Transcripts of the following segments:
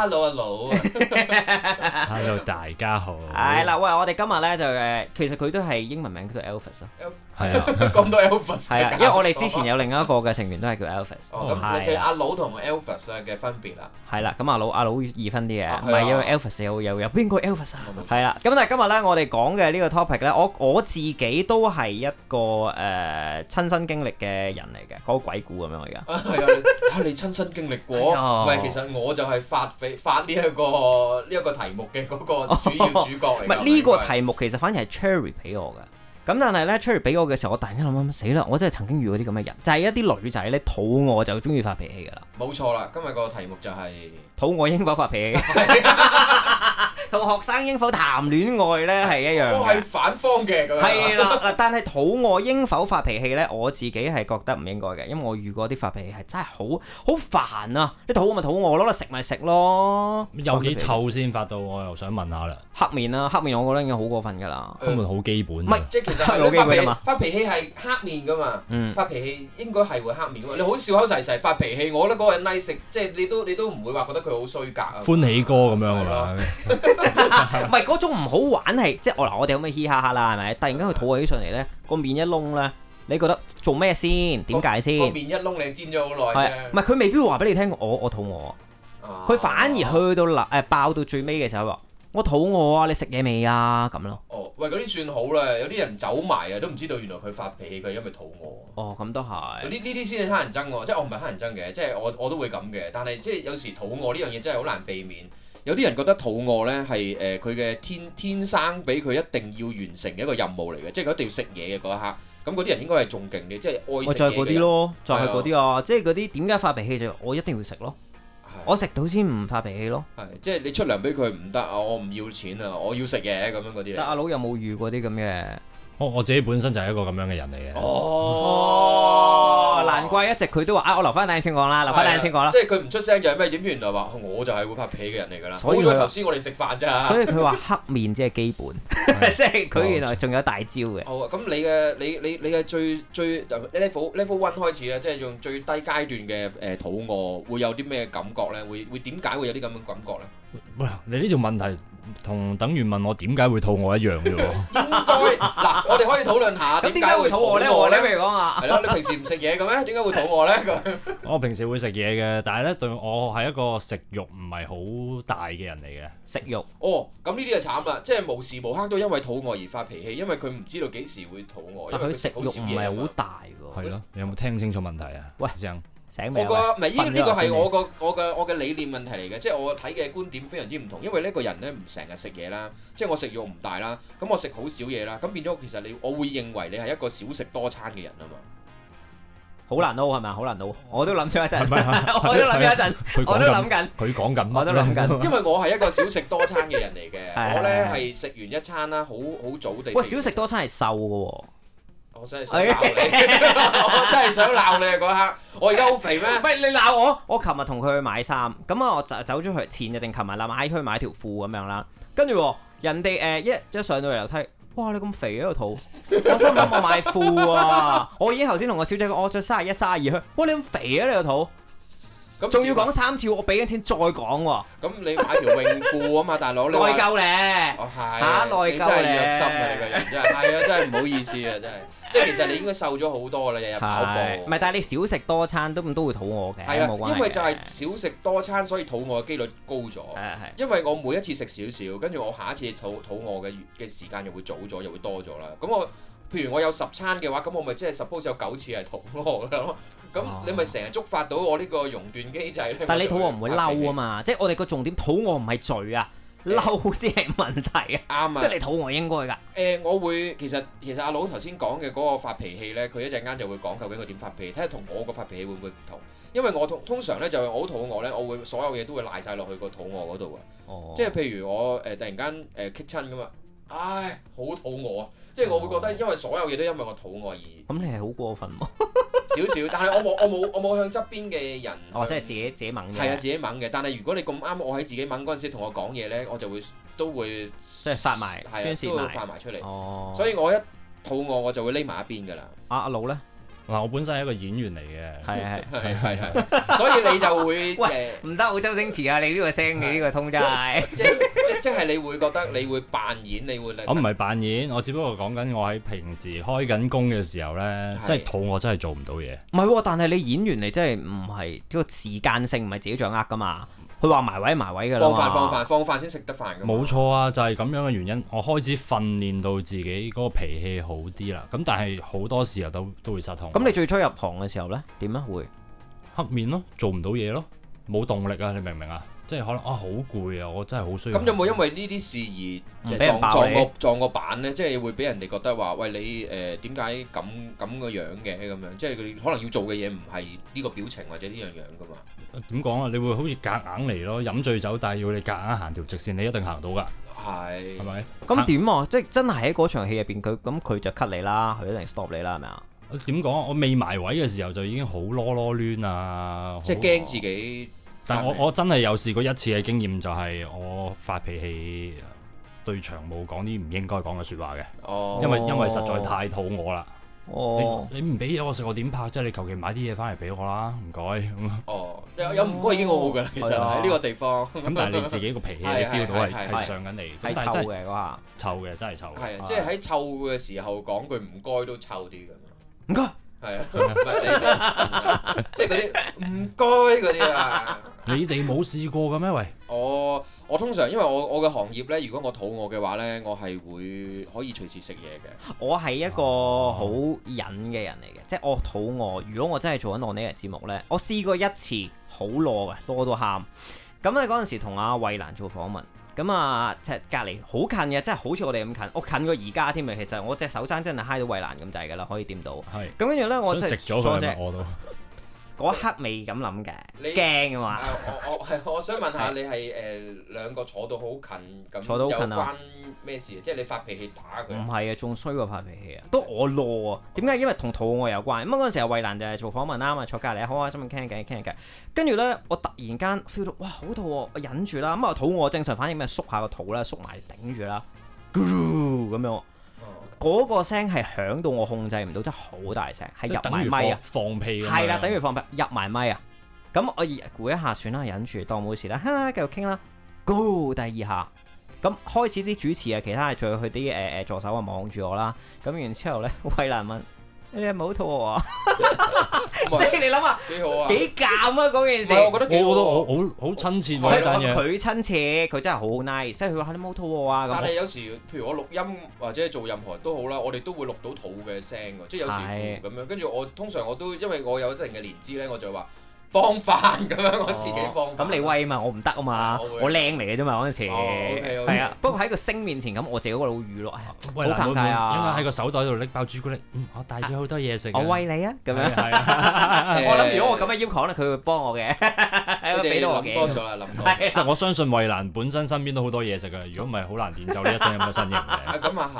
hello 阿盧，hello 大家好。係啦，喂，我哋今日咧就誒，其實佢都係英文名叫做 Elvis 咯。係啊，咁多 Elvis 係啊，因為我哋之前有另一個嘅成員都係叫 Elvis。哦，咁你哋阿盧同 Elvis 嘅分別啦。係啦，咁阿盧阿盧易分啲嘅，唔係因為 Elvis 有有有邊個 Elvis 啊？係啦，咁但係今日咧我哋講嘅呢個 topic 咧，我我自己都係一個誒親身經歷嘅人嚟嘅，講鬼故咁樣，而家係啊，係你親身經歷過？喂，其實我就係發脾。發呢一個呢一個題目嘅嗰個主要主角嚟。唔係呢個題目，其實反而係 Cherry 俾我噶。咁但係咧，Cherry 俾我嘅時候，我突然間諗諗諗，死啦！我真係曾經遇過啲咁嘅人，就係一啲女仔咧，肚餓就中意發脾氣噶啦。冇錯啦，今日個題目就係。肚餓應否發脾氣？同學生應否談戀愛咧係一樣。我係反方嘅咁樣。係啦嗱，但係肚餓應否發脾氣咧，我自己係覺得唔應該嘅，因為我遇過啲發脾氣係真係好好煩啊！你肚餓咪肚餓囉，攞嚟食咪食咯。有幾臭先發到？我又想問下啦。黑面啦，黑面我覺得已經好過分㗎啦。根本好基本。唔係即係其實你發脾氣，發脾氣係黑面㗎嘛？嗯。發脾氣應該係會黑面㗎嘛？你好笑口噬噬發脾氣，我覺得嗰個人 nice，即係你都你都唔會話覺得。佢好衰格啊！歡喜歌咁樣啊嘛，唔係嗰種唔好玩係，即係我嗱我哋咁嘅嘻哈哈啦，係咪？突然間佢肚餓起上嚟咧，個 面一窿咧，你覺得做咩先？點解先？個 面一窿你煎咗好耐嘅，係唔係佢未必會話俾你聽，我我肚餓，佢 反而去到立爆到最尾嘅時候。我肚餓啊！你食嘢未啊？咁咯。哦，喂，嗰啲算好啦，有啲人走埋啊，都唔知道原來佢發脾氣佢係因為肚餓。哦，咁都係。呢呢啲先係乞人憎喎，即係我唔係乞人憎嘅，即係我我都會咁嘅，但係即係有時肚餓呢樣嘢真係好難避免。有啲人覺得肚餓呢係誒佢嘅天天生俾佢一定要完成嘅一個任務嚟嘅，即係佢一定要食嘢嘅嗰一刻。咁嗰啲人應該係仲勁嘅，即係愛嗰啲、就係、咯，就係嗰啲啊，即係嗰啲點解發脾氣就我一定要食咯。我食到先唔發脾氣咯，係即係你出糧俾佢唔得啊！我唔要錢啊！我要食嘢咁樣嗰啲。但阿盧有冇遇過啲咁嘅？我自己本身就係一個咁樣嘅人嚟嘅。哦，難怪一直佢都話啊，我留翻眼鏡先講啦，留翻眼鏡先講啦。啊、說即係佢唔出聲就係咩點原嚟話，我就係會發脾氣嘅人嚟㗎啦。所以佢頭先我哋食飯咋。啊、所以佢話黑面即係基本， 即係佢原來仲有大招嘅、哦。好啊，咁你嘅你你你嘅最最 level one 開始咧，即係用最低階段嘅誒肚餓會有啲咩感覺咧？會會點解會有啲咁樣感覺咧？唔，你呢條問題。同等於問我點解會肚餓一樣嘅喎，應該嗱， 我哋可以討論下點解 會肚餓咧？我你咪講下，係咯， 你平時唔食嘢嘅咩？點解會肚餓咧？佢 我平時會食嘢嘅，但係咧對我係一個食慾唔係好大嘅人嚟嘅，食慾哦，咁呢啲就慘啦，即係無時無刻都因為肚餓而發脾氣，因為佢唔知道幾時會肚餓，但佢他食慾唔係好大嘅喎，係咯，你有冇聽清楚問題啊？ 喂，正。我唔係呢個呢個係我個來我嘅我嘅理念問題嚟嘅，即係我睇嘅觀點非常之唔同，因為呢個人咧唔成日食嘢啦，即係我食慾唔大啦，咁我食好少嘢啦，咁變咗其實你我會認為你係一個少食多餐嘅人啊嘛，好難撈係咪？好難撈，我都諗咗一陣，吧 我都諗一陣，在我都諗緊，佢講緊，我都諗緊，因為我係一個少食多餐嘅人嚟嘅， 我咧係食完一餐啦，好好早地喂，少食多餐係瘦㗎喎。我真係想鬧你，我真係想鬧你啊！嗰刻，我而家好肥咩？喂，你鬧我，我琴日同佢去買衫，咁啊，我就走咗去，錢一定攰埋啦，買去買條褲咁樣啦。跟住人哋誒一一上到嚟樓梯，哇！你咁肥啊個肚，我心諗我買褲啊，我已經頭先同個小姐講，我着卅一、卅二靴。哇！你咁肥啊你個肚，仲要講三次喎，我俾緊錢再講喎。咁你買條泳褲啊嘛，大佬，內疚咧，嚇內疚咧，你真係虐心啊！你個人真係，係啊，真係唔好意思啊，真係。即係其實你應該瘦咗好多啦，日日跑步。唔係，但係你少食多餐都咁都會肚餓嘅。的係啊，因為就係少食多餐，所以肚餓嘅機率高咗。因為我每一次食少少，跟住我下一次肚肚餓嘅嘅時間又會早咗，又會多咗啦。咁我譬如我有十餐嘅話，咁我咪即係十鋪有九次係肚餓嘅咯。咁、哦、你咪成日觸發到我呢個熔斷機制。但係你肚餓唔會嬲啊嘛，即係我哋個重點，肚餓唔係罪啊。嬲先係問題啊！啱啊吧！即係你肚餓應該㗎。誒、欸，我會其實其實阿盧頭先講嘅嗰個發脾氣咧，佢一陣間就會講究竟佢點發脾氣。睇下同我個發脾氣會唔會唔同？因為我通通常咧就好肚餓咧，我會所有嘢都會賴晒落去個肚餓嗰度㗎。哦、即係譬如我誒、呃、突然間誒激親咁嘛，唉，好肚餓啊！即係我會覺得，因為所有嘢都因為我肚餓而咁、嗯，你係好過分喎！少 少，但係我冇，我冇，我冇向側邊嘅人哦，即係自己自己猛嘅。係啊，自己猛嘅。但係如果你咁啱我喺自己猛嗰陣時同我講嘢咧，我就會都會即係發埋的宣泄都發埋出嚟。哦，所以我一肚餓我就會匿埋一邊㗎啦、啊。阿阿老咧。嗱，我本身係一個演員嚟嘅，係啊係係係所以你就會喂唔得好周星馳啊！你呢個聲你呢個通街，即即即係你會覺得你會扮演，你會嚟我唔係扮演，我只不過講緊我喺平時開緊工嘅時候咧，即係肚餓真係做唔到嘢。唔係喎，但係你演員嚟，真係唔係呢個時間性唔係自己掌握㗎嘛。佢話埋位埋位㗎啦，放飯放飯放飯先食得飯噶嘛。冇錯啊，就係咁樣嘅原因，我開始訓練到自己嗰個脾氣好啲啦。咁但係好多時候都都會失控。咁你最初入行嘅時候呢，點啊？會黑面咯，做唔到嘢咯，冇動力啊！你明唔明啊？即係可能啊，好攰啊！我真係好需要。咁有冇因為呢啲事而撞撞個撞個板咧？即係會俾人哋覺得話：喂，你誒點解咁咁嘅樣嘅咁樣？樣樣即係佢可能要做嘅嘢唔係呢個表情或者呢樣樣㗎嘛？點講啊，啊？你會好似夾硬嚟咯，飲醉酒，但係要你夾硬行，行條直線，你一定行到㗎。係是。係咪？咁點、嗯、啊？即係真係喺嗰場戲入邊，佢咁佢就 cut 你啦，佢一定 stop 你啦，係咪啊？點講啊？我未埋位嘅時候就已經好囉囉攣啊！即係驚自己。但我我真係有試過一次嘅經驗，就係我發脾氣對長毛講啲唔應該講嘅説話嘅，因為因為實在太肚餓啦。你你唔俾嘢我食，我點拍啫？你求其買啲嘢翻嚟俾我啦，唔該。哦，有唔該已經好㗎啦，其實喺呢個地方。咁但係你自己個脾氣你 feel 到係係上緊嚟。係臭嘅啩？臭嘅真係臭。係即係喺臭嘅時候講句唔該都臭啲嘅。唔該。係啊，即係嗰啲唔該嗰啲啊！你哋冇試過嘅咩？喂 啊、 我我通常因為我我嘅行業呢，如果我肚餓嘅話呢，我係會可以隨時食嘢嘅。我係一個好忍嘅人嚟嘅，嗯、即係我肚餓。如果我真係做緊《我呢個》節目呢，我試過一次好餓嘅，餓到喊。咁你嗰陣時同阿、啊、衛蘭做訪問。咁啊，其實隔離好近嘅，真係好似我哋咁近，我近過而家添啊！其實我隻手踭真係嗨到衞蘭咁滯㗎喇，可以掂到。係是。咁跟住咧，我即係再即。 嗰刻未咁諗嘅，你驚嘅嘛、啊！我我係我想問下是、啊、你係誒、呃、兩個坐到好近咁，坐到好近啊！關咩事？即係你發脾氣打佢？唔係啊，仲衰過發脾氣啊！都我攞啊！點解？因為同肚餓有關。咁啊嗰陣時啊，衞蘭就係做訪問啦嘛，坐隔離，好開心心傾緊傾緊。跟住咧，我突然間 feel 到哇好肚餓，我忍住啦。咁啊肚餓正常反應咩？縮下個肚啦，縮埋頂住啦，咕嚕咁樣。嗰個聲係響到我控制唔到，真係好大聲，係入埋咪啊！放屁，係啦，等於放屁，入埋咪啊！咁我估一下，算啦，忍住，當冇事啦，繼續傾啦，Go 第二下，咁開始啲主持啊，其他係仲有佢啲誒誒助手啊，望住我啦，咁完之後咧，威蘭問。你係冇肚餓啊？即係你諗下幾好啊嗰、啊、件事！我覺得幾好，好好好親切佢親切，佢真係好 nice，即係佢話你冇肚餓啊咁。嗯嗯、但係有時，譬如我錄音或者做任何都好啦，我哋都會錄到肚嘅聲嘅，即係有時咁樣。跟住是我通常我都因為我有一定嘅年資咧，我就話。方法咁樣，我自己放。咁你威啊嘛，我唔得啊嘛，我靚嚟嘅啫嘛嗰陣時。係啊，不過喺個星面前咁，我淨係嗰個老魚咯。好慷慨啊！喺個手袋度拎包朱古力，我帶咗好多嘢食。我餵你啊，咁樣。係啊。我諗如果我咁嘅要求咧，佢會幫我嘅。我諗多咗啦，諗多。即係我相信衞蘭本身身邊都好多嘢食嘅，如果唔係好難練就呢一生一身有嘅身形嘅。啊，咁啊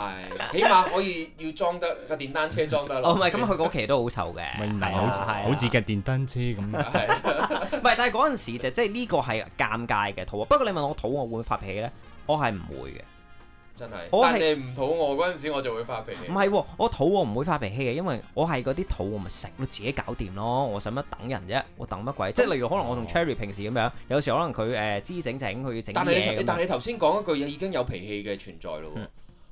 係，起碼可以要裝得個電單車裝得落。唔係，咁佢嗰期都好瘦嘅。咪泥好，好似架電單車咁。唔係， 但係嗰陣時就即係呢個係尷尬嘅肚餓。不過你問我肚餓會唔會發脾氣咧？我係唔會嘅，真係。我係，但係你唔肚餓嗰陣時，我就會發脾氣。唔係哦，我肚餓唔會發脾氣嘅，因為我係嗰啲肚餓咪食咯，我自己搞掂咯。我使乜等人啫？我等乜鬼？即係例如可能我同 Cherry 平時咁樣，有時可能佢誒支整整去整嘢。呃、情情但係，但係你頭先講一句嘢，已經有脾氣嘅存在咯。嗯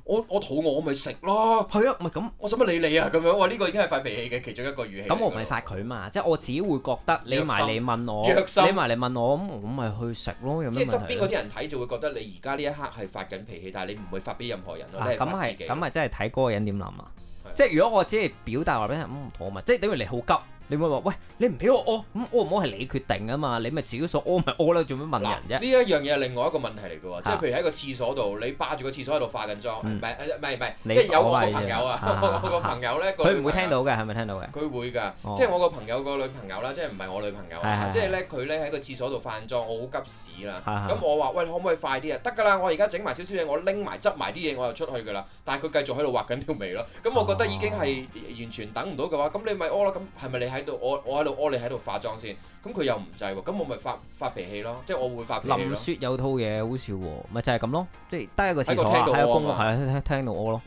我我肚餓，我咪食咯。係啊，咪咁。我使乜理你啊？咁樣，哇！呢、這個已經係發脾氣嘅其中一個語氣。咁我咪發佢嘛，即係我自己會覺得你埋你問我，你埋你問我，咁我咪去食咯。有即係側邊嗰啲人睇就會覺得你而家呢一刻係發緊脾氣，但係你唔會發俾任何人，我咁係，咁咪、啊啊啊啊啊、真係睇嗰個人點諗啊？即係、啊、的如果我只係表達話俾人唔肚餓咪，即係等於你好急。你會話喂，你唔俾我屙，咁屙唔屙係你決定啊嘛，你咪自己想屙咪屙啦，做咩問人啫？呢一樣嘢係另外一個問題嚟嘅喎，即係譬如喺個廁所度，你霸住個廁所喺度化緊妝，唔係唔係唔係，即係有我個朋友啊，我個朋友咧，佢唔會聽到嘅係咪聽到嘅？佢會㗎，即係我個朋友個女朋友啦，即係唔係我女朋友即係咧，佢咧喺個廁所度化妝，我好急屎啦，咁我話喂可唔可以快啲啊？得㗎啦，我而家整埋少少嘢，我拎埋執埋啲嘢我就出去㗎啦。但係佢繼續喺度畫緊條眉咯，咁我覺得已經係完全等唔到嘅話，咁你咪屙啦。咁係咪你喺度，我我喺度屙你，喺度化妝先，咁佢又唔制喎，咁我咪發發脾氣咯，即係我會發脾氣咯。林雪有套嘢好笑喎，咪就係咁咯，即係單個廁所，喺個聽到喎，係啊，聽到屙咯，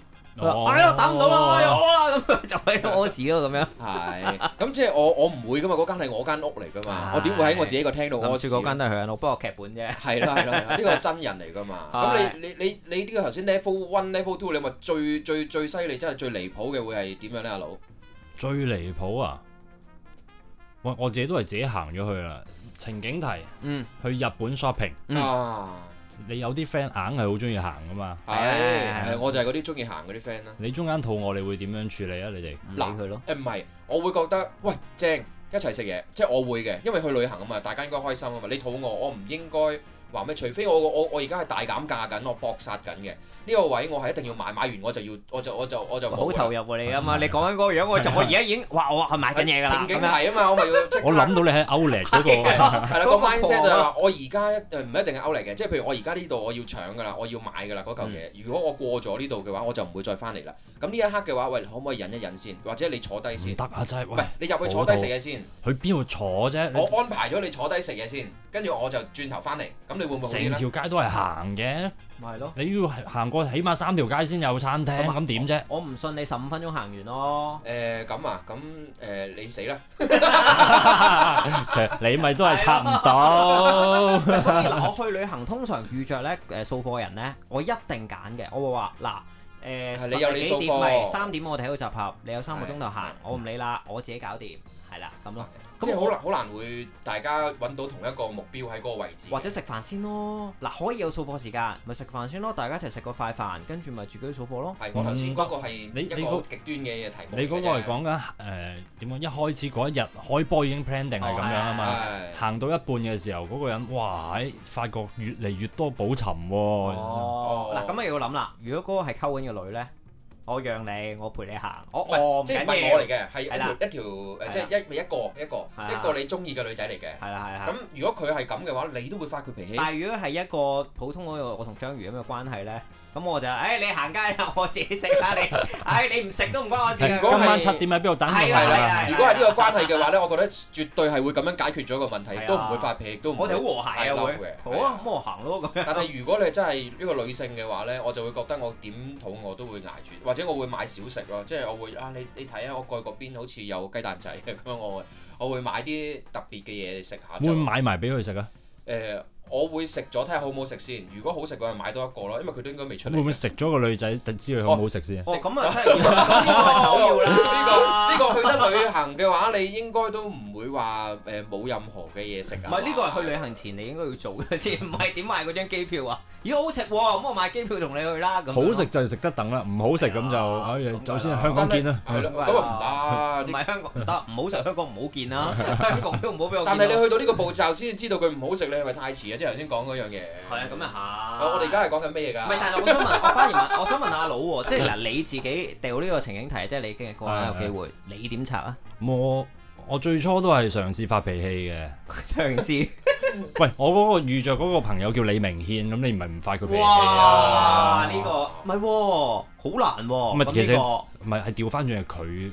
哎呀，等唔到啦，又屙啦，咁就喺度屙屎咯，咁樣。係，咁即係我我唔會噶嘛，嗰間係我間屋嚟噶嘛，我點會喺我自己個廳度屙屎？嗰間都係佢間屋，不過劇本啫。係啦係啦，呢個真人嚟噶嘛，咁你你你你呢個頭先 level one level two，你話最最最犀利，真係最離譜嘅會係點樣呢，阿盧？最離譜啊！我我自己都係自己行咗去啦，情景題，嗯、去日本 shopping，、嗯、你有啲 friend 硬係好中意行噶嘛，係我就係嗰啲中意行嗰啲 friend 啦。你中間肚餓，你會點樣處理啊？你、嗯、哋，理佢咯，誒唔係，我會覺得，喂，正，一齊食嘢，即係我會嘅，因為去旅行啊嘛，大家應該開心啊嘛，你肚餓，我唔應該。話咩？除非我我我而家係大減價緊，我搏殺緊嘅呢個位，我係一定要買。買完我就要，我就我就我就好投入喎！你啊嘛，你講緊嗰個樣，我就我而家已經哇，我係買緊嘢啦。情境係啊嘛，我咪要。我諗到你喺 outlet 嗰個。係啦，個 mindset 就係話，我而家唔一定係 outlet 嘅，即係譬如我而家呢度我要搶噶啦，我要買噶啦嗰嚿嘢。如果我過咗呢度嘅話，我就唔會再翻嚟啦。咁呢一刻嘅話，喂，你可唔可以忍一忍先？或者你坐低先得啊？你入去坐低食嘢先。去邊度坐啫？我安排咗你坐低食嘢先，跟住我就轉頭翻嚟成條街都係行嘅，咪係咯！你要行過起碼三條街先有餐廳，咁點啫？我唔信你十五分鐘行完咯。誒、呃，咁啊，咁誒、呃，你死啦！ 你咪都係差唔到。我去旅行通常遇着咧，誒掃貨人咧，我一定揀嘅。我會話嗱，誒十幾點，唔係三點，我哋喺度集合。你有三個鐘頭行，了了我唔理啦，我自己搞掂，係啦，咁咯。即係好難好難會大家揾到同一個目標喺嗰個位置，或者食飯先咯。嗱，可以有掃貨時間，咪食飯先咯。大家一齊食個快飯，跟住咪自己掃貨咯。係，我頭先嗰個係你你嗰個極端嘅嘢提，你嗰、那個係講緊誒點講？一開始嗰一日開波已經 plan 定係咁樣、哦、啊嘛。行到一半嘅時候，嗰、那個人哇喺發覺越嚟越多補尋喎、啊。嗱、哦，咁、哦、啊要諗啦。如果嗰個係溝緊嘅女咧？我讓你，我陪你行。我是我即係唔係我嚟嘅，係一條的一條誒，的即係一一個一個一個你中意嘅女仔嚟嘅。係啦係啦。咁如果佢係咁嘅話，你都會發佢脾氣。但係如果係一個普通嗰個，我同章魚咁嘅關係咧？咁我就誒、哎、你行街啦，我自己食啦，你誒、哎、你唔食都唔關我事。如果今晚七點喺邊度等我啊？係、啊啊啊啊、如果係呢個關係嘅話咧，啊啊、我覺得絕對係會咁樣解決咗個問題，啊、都唔會發脾氣，都唔會。我哋好和諧啊，會。好他啊，咁我行咯、啊、咁樣。但係如果你真係一個女性嘅話咧，我就會覺得我點肚餓都會捱住，或者我會買少食咯，即係我會啊你你睇下我過去嗰邊好似有雞蛋仔咁樣， 我會我會買啲特別嘅嘢食下。會買埋俾佢食啊？誒、呃。我會食咗睇下好唔好食先，如果好食嘅話買多一個咯，因為佢都應該未出嚟。會唔會食咗個女仔先知佢好唔好食先？哦咁啊，梗係唔好要啦！呢個呢個去得旅行嘅話，你應該都唔會話誒冇任何嘅嘢食啊。唔係呢個係去旅行前你應該要做嘅先，唔係點買嗰張機票啊？如果好食喎，咁我買機票同你去啦。咁好食就值得等啦，唔好食咁就唉，首先香港見啦。係咯，咁啊唔得，唔係香港唔得，唔好食香港唔好見啦。香港都唔好俾我。但係你去到呢個步驟先知道佢唔好食，你係咪太遲啊？即係頭先講嗰樣嘢，係啊咁又嚇。我哋而家係講緊咩嘢㗎？唔係，但係我想問，我反而問， 我想問阿盧喎，即係嗱你自己掉呢個情景題，即係你經歷過有機會，你點拆啊？我我最初都係嘗試發脾氣嘅， 嘗試。 喂，我嗰、那個遇着嗰個朋友叫李明軒，咁你唔係唔發佢脾氣啊？呢、這個唔係，好、哦、難喎、哦。咁其實唔係係調翻轉係佢。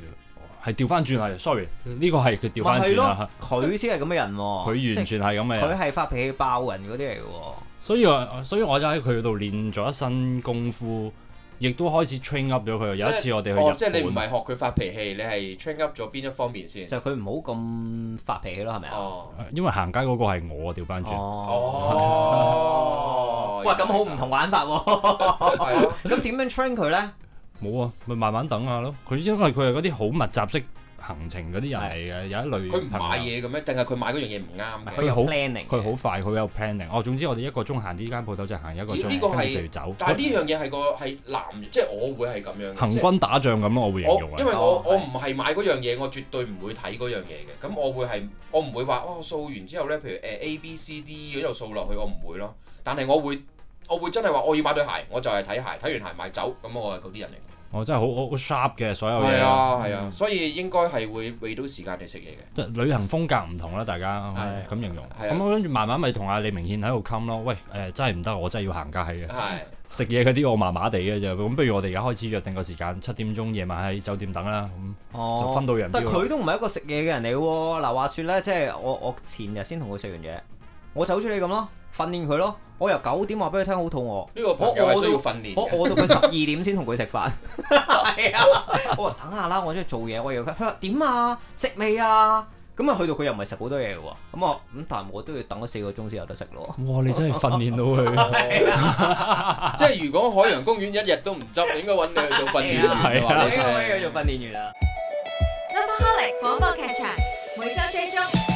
係調翻轉係，sorry，呢個係佢調翻轉。佢先係咁嘅人喎。佢完全係咁嘅。佢係發脾氣爆人嗰啲嚟嘅喎。所以所以我就喺佢度練咗一身功夫，亦都開始 train up 咗佢。有一次我哋去日本。哦，即係你唔係學佢發脾氣，你係 train up 咗邊一方面先？就佢唔好咁發脾氣咯，係咪啊？因為行街嗰個係我調翻轉。哦。哦。咁好唔同玩法喎。係咯。咁點樣 train 佢咧？冇啊，咪慢慢等下咯。佢因為佢係嗰啲好密集式行程嗰啲人嚟嘅的，有一類。佢唔買嘢嘅咩？定係佢買嗰樣嘢唔啱？佢好 p 佢好快，佢有 planning。哦，總之我哋一個鐘行呢間鋪頭就行一個鐘呢跟住就要走。但係呢樣嘢係個係男，即係我會係咁樣。行軍打仗咁咯，我會形容。我因為我、哦、我唔係買嗰樣嘢，我絕對唔會睇嗰樣嘢嘅。咁我會係我唔會話哦，掃完之後咧，譬如誒 A B C D 嗰度掃落去，我唔會咯。但係我會。我會真係話我要買對鞋，我就係睇鞋，睇完鞋買走，咁我係嗰啲人嚟。我真係好好好 sharp 嘅所有嘢。係啊，所以應該係會畀到時間嚟食嘢嘅。即係旅行風格唔同啦，大家咁形容。係啊。咁跟住慢慢咪同阿李明顯喺度 come 咯。喂，誒，真係唔得，我真係要行街嘅。食嘢嗰啲我麻麻地嘅咋，咁不如我哋而家開始約定個時間，七點鐘夜晚，喺酒店等啦。哦。咁就分到人。但佢都唔係一個食嘢嘅人嚟喎。嗱，話説咧，即係我我前日先同佢食完嘢。我走出嚟咁咯，訓練佢咯。我由九點話俾佢聽好肚餓，我又係需要訓練。我我到佢十二點先同佢食飯。係啊，我話等下啦，我出去做嘢。我又佢話點啊？食未啊？咁啊去到佢又唔係食好多嘢喎。咁我咁但係我都要等咗四個鐘先有得食咯。哇！你真係訓練到佢。即係如果海洋公園一日都唔執，應該揾你做訓練員嘅話，你梗係可以去做訓練員啦。Lovaholic 廣播劇場，每週追蹤。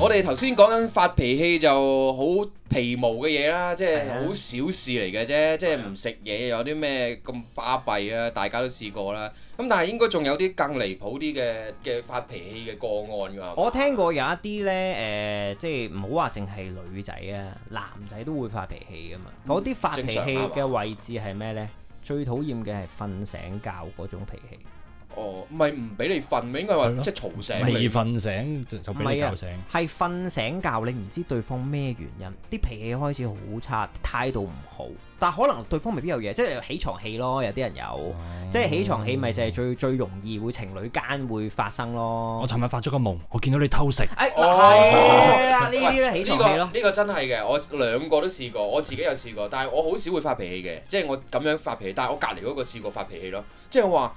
我哋頭先講緊發脾氣就好皮毛嘅嘢啦，即係好小事嚟嘅啫，啊、即係唔食嘢有啲咩咁巴閉啊，大家都試過啦。咁但係應該仲有啲更離譜啲嘅嘅發脾氣嘅個案㗎嘛？我聽過有一啲呢，誒、呃，即係唔好話淨係女仔啊，男仔都會發脾氣㗎嘛。嗰啲、嗯、發脾氣嘅位置係咩呢？最討厭嘅係瞓醒覺嗰種脾氣。哦，唔係唔俾你瞓咪，應該話即係嘈醒你未瞓醒就俾你嘈醒，係瞓醒覺你唔知對方咩原因，啲脾氣開始好差，態度唔好，但可能對方未必有嘢，即係起床氣咯。有啲人有，即係起床氣咪就係最最容易會情侶間會發生咯。我琴日發咗個夢，我見到你偷食。呢啲呢，起床氣咯，呢個真係嘅，我兩個都試過，我自己有試過，但係我好少會發脾氣嘅，即係我咁樣發脾氣。但係我隔籬嗰個試過發脾氣咯，即係我話。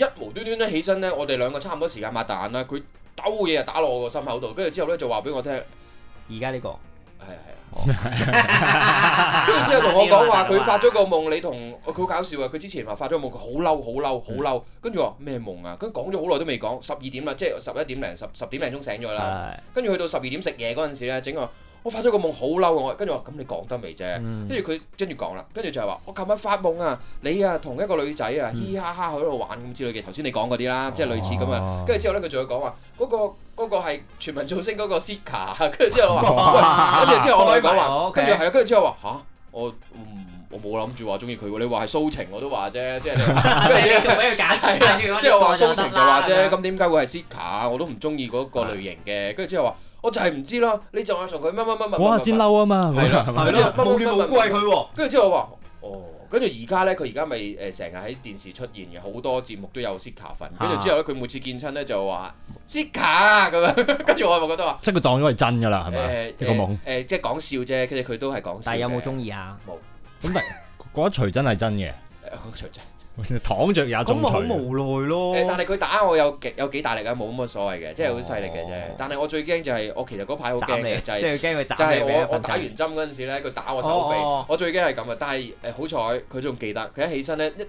一無端端咧起身咧，我哋兩個差唔多時間擘大眼啦。佢兜嘢又打落我個心口度，跟住之後咧就話俾我聽，而家呢個係啊係啊，跟住 之後同我講話，佢發咗個夢，你同佢好搞笑啊！佢之前話發咗個夢，佢好嬲好嬲好嬲，跟住話咩夢啊？跟住講咗好耐都未講，十二點啦，即係十一點零十十點零鐘醒咗啦，跟住、嗯、去到十二點食嘢嗰陣時咧，整個。我發咗個夢好嬲，我跟住話咁你講得未啫？跟住佢跟住講啦，跟住就係話我琴晚發夢啊，你啊同一個女仔啊，嘻哈哈喺度玩咁之類嘅，頭先你講嗰啲啦，即係類似咁啊。跟住之後咧，佢仲要講話嗰個嗰個係全民造星嗰個 Sika。跟住之後我話，跟住之後我同佢講話，跟住係啊，跟住之後話吓？我我冇諗住話中意佢喎。你話係蘇情我都話啫，即係你做咩要揀？即係話蘇情就話啫，咁點解會係 Sika？我都唔中意嗰個類型嘅。跟住之後話。我就係唔知啦，你就係同佢乜乜乜乜，我係先嬲啊嘛，係咪？係咯，冇險好怪佢，跟住之後我話，哦，跟住而家咧，佢而家咪誒成日喺電視出現嘅，好多節目都有 Sika 份，跟住之後咧，佢每次見親咧就話 Sika 啊咁樣，跟住我咪覺得話，即係佢當咗係真㗎啦，係咪？」一個夢，即係講笑啫，其實佢都係講笑，但係有冇中意啊？冇，咁但係覺得徐真係真嘅，誒徐真。躺着也中槍，無奈咯。但係佢打我有幾有幾大力嘅，冇咁嘅所謂嘅，即係好細力嘅啫。但係我最驚就係，我其實嗰排好驚嘅，就係驚佢打你。我打完針嗰陣時咧，佢打我手臂，我最驚係咁嘅，但係誒，好彩佢仲記得，佢一起身咧一，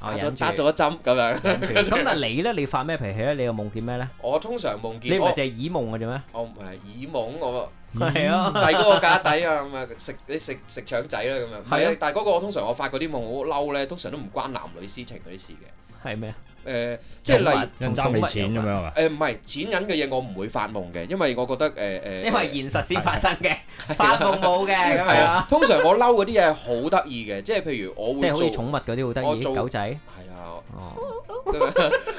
打咗針咁樣。咁但係你咧，你發咩脾氣咧？你又夢見咩咧？我通常夢見，你唔係凈係耳夢嘅啫咩？我唔係耳夢，我。係啊，但係嗰個架底啊，咁啊，食你食食腸仔啦咁啊。係啊，但係嗰個我通常我發嗰啲夢，好嬲咧，通常都唔關男女私情嗰啲事嘅。係咩啊？誒，即係例如同寵物咁樣啊。誒唔係，錢銀嘅嘢我唔會發夢嘅，因為我覺得誒誒。因為現實先發生嘅，發夢冇嘅，咁啊。通常我嬲嗰啲嘢好得意嘅，即係譬如我會做。即係好似寵物嗰啲好得意狗仔。係啊，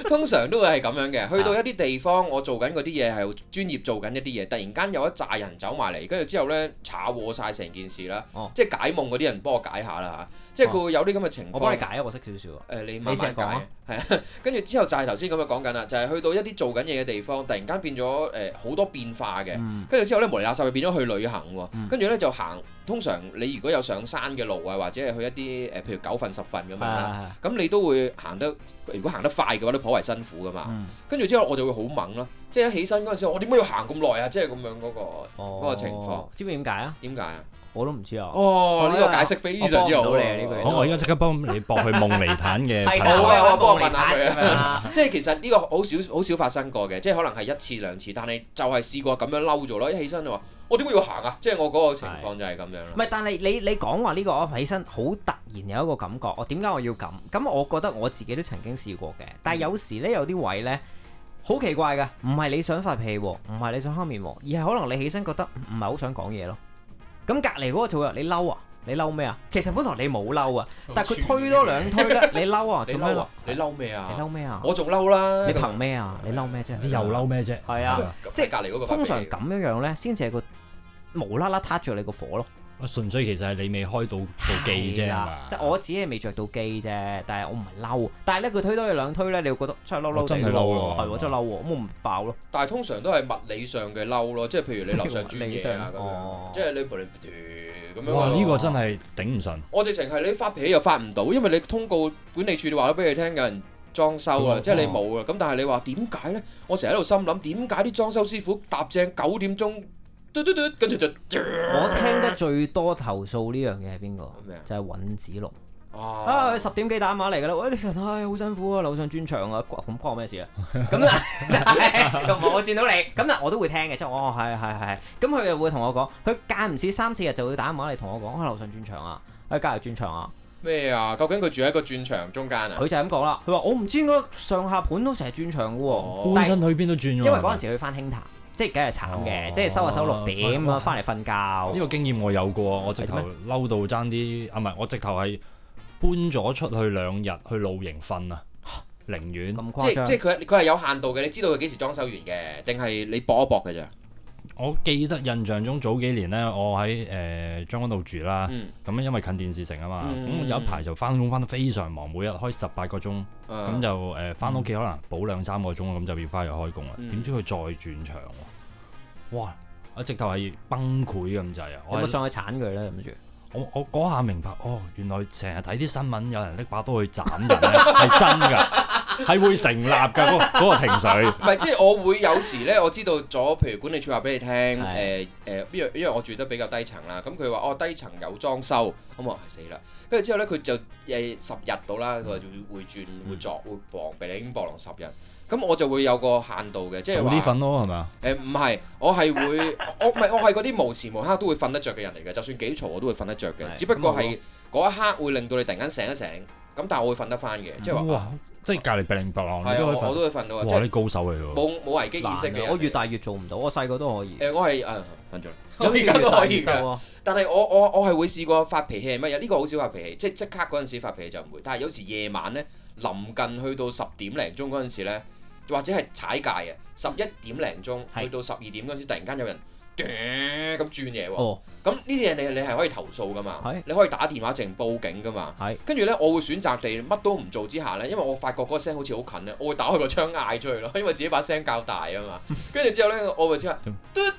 通常都會係咁樣嘅，去到一啲地方，我做緊嗰啲嘢係專業做緊一啲嘢，突然間有一紮人走埋嚟，跟住之後呢，炒和晒成件事啦。哦、即係解夢嗰啲人幫我解下啦，即係佢會有啲咁嘅情況。哦、我幫你解啊，我識少少啊。你慢慢解。係跟住之後就係頭先咁樣講緊啦，就係、是、去到一啲做緊嘢嘅地方，突然間變咗誒好多變化嘅。跟住、嗯、之後咧，無釐垃圾變咗去旅行喎。跟住、嗯、呢，就行，通常你如果有上山嘅路啊，或者係去一啲譬如九份、十份咁樣啦，咁、嗯、你都會行得，如果行得快嘅話，你好係辛苦噶嘛，跟住之後我就會好猛咯，即係一起身嗰陣時，我點解要行咁耐啊？即係咁樣嗰個個情況，知唔知點解啊？點解啊？我都唔知啊。哦，呢個解釋非常之好。我幫到你呢個人。我我依家即刻幫你駁去夢彌坦嘅。係好噶，我幫我問下佢啊。即係其實呢個好少好少發生過嘅，即係可能係一次兩次，但係就係試過咁樣嬲咗咯，一起身就話。我點解要行啊？即係我嗰個情況就係咁樣咯。唔係，但係你你講話呢個我起身好突然有一個感覺，我點解我要咁？咁我覺得我自己都曾經試過嘅。但係有時呢，有啲位呢，好奇怪㗎，唔係你想發脾氣，唔係你想黑面，而係可能你起身覺得唔係好想講嘢咯。咁隔離嗰個就會你嬲啊？你嬲咩啊？其實本來你冇嬲啊，但係佢推多兩推咧，你嬲啊？你嬲啊？你嬲咩啊？你嬲咩啊？我仲嬲啦！你憑咩啊？你嬲咩啫？你又嬲咩啫？係啊，即係隔離嗰個。通常咁樣樣咧，先至係個。無啦啦撻着你個火咯！純粹其實係你未開到部機啫，的即係我自己未着到機啫，但係我唔係嬲。但係咧佢推多你兩推咧，你會覺得出真係嬲嬲，真係嬲咯，係喎，真係嬲喎，咁我唔爆咯。但係通常都係物理上嘅嬲咯，即係譬如你樓上煮嘢啊咁樣， 哦、即係你咁樣。哇！呢、這個真係頂唔順。哇我直情係你發脾氣又發唔到，因為你通告管理處你話咗俾佢聽有人裝修啦，即係你冇啦。咁但係你話點解咧？我成日喺度心諗點解啲裝修師傅搭正九點鐘。嘟嘟嘟，跟住就，我聽得最多投訴呢樣嘢係邊個？咩麼就係尹子龍。Oh. 啊，佢十點幾打碼嚟㗎啦！喂、哎，你實係好、哎、辛苦啊，樓上轉場啊，咁關，關我咩事啊？咁啊、 嗯， 我轉到你，咁、嗯、啊我都會聽嘅，即係我係係係。咁、哦、佢、嗯、又會同我講，佢間唔時三四日就會打碼嚟同我講，我、啊、樓上轉場啊，我、啊、隔籬轉場啊。咩啊？究竟佢住喺個轉場中間啊？佢就咁講啦。佢話我唔知，我知上下盤都成日、oh. 轉場嘅喎。本身佢邊度轉㗎？因為嗰陣時佢翻興潭。即係梗係慘嘅，哦、即係收下收六點啊，翻嚟瞓覺。哦，呢個經驗我有過，我直頭嬲到爭啲嗎啊，唔係我直頭係搬咗出去兩日去露營瞓啊，寧願即即係佢佢係有限度嘅，你知道佢幾時裝修完嘅，定係你搏一搏嘅咋？我記得印象中早幾年咧，我喺誒將軍澳住啦，咁、嗯、因為近電視城啊嘛，咁、嗯、有一排就翻工翻得非常忙，每日開十八個鐘，咁、啊、就誒翻屋企可能補兩三個鐘，咁就要翻入開工啦。點、嗯、知佢再轉場，哇！我直頭係崩潰咁滯啊！嗯、我是有冇上去鏟佢咧？諗住。我我嗰下明白哦，原來成日睇啲新聞有人拎把刀去斬人係真㗎，係會成立㗎嗰嗰個情緒。唔係 即係我會有時咧，我知道咗，譬如管理處話俾你聽，誒誒是的、呃，因為因為我住得比較低層啦，咁佢話哦低層有裝修，咁話、啊、死啦。跟住之後咧，佢就誒十日到啦，佢話、嗯、會會轉會作會防俾你已經薄龍十日。咁我就會有個限度嘅，即係早啲瞓咯，係嘛？誒唔係，我係會，我唔係我係嗰啲無時無刻都會瞓得着嘅人嚟嘅，就算幾嘈我都會瞓得着嘅。只不過係嗰一刻會令到你突然間醒一醒，咁但係我會瞓得翻嘅，即係話即係隔離白令白狼，我都會，我瞓到。哇！啲高手嚟喎，冇冇危機意識嘅，我越大越做唔到，我細個都可以。我係瞓著，有啲人都可以㗎。但係我我我係會試過發脾氣係乜嘢？呢個好少發脾氣，即係即刻嗰陣時發脾氣就唔會。但係有時夜晚咧，臨近去到十點零鐘嗰陣時咧。或者係踩界嘅，十一點零鐘去到十二點嗰時，突然間有人咁轉嘢喎，咁呢啲嘢你你係可以投訴噶嘛？你可以打電話直程報警噶嘛？係，跟住咧我會選擇地乜都唔做之下咧，因為我發覺個聲好似好近咧，我會打開個窗嗌出去咯，因為自己把聲較大啊嘛。跟住之後咧，我會即係嘟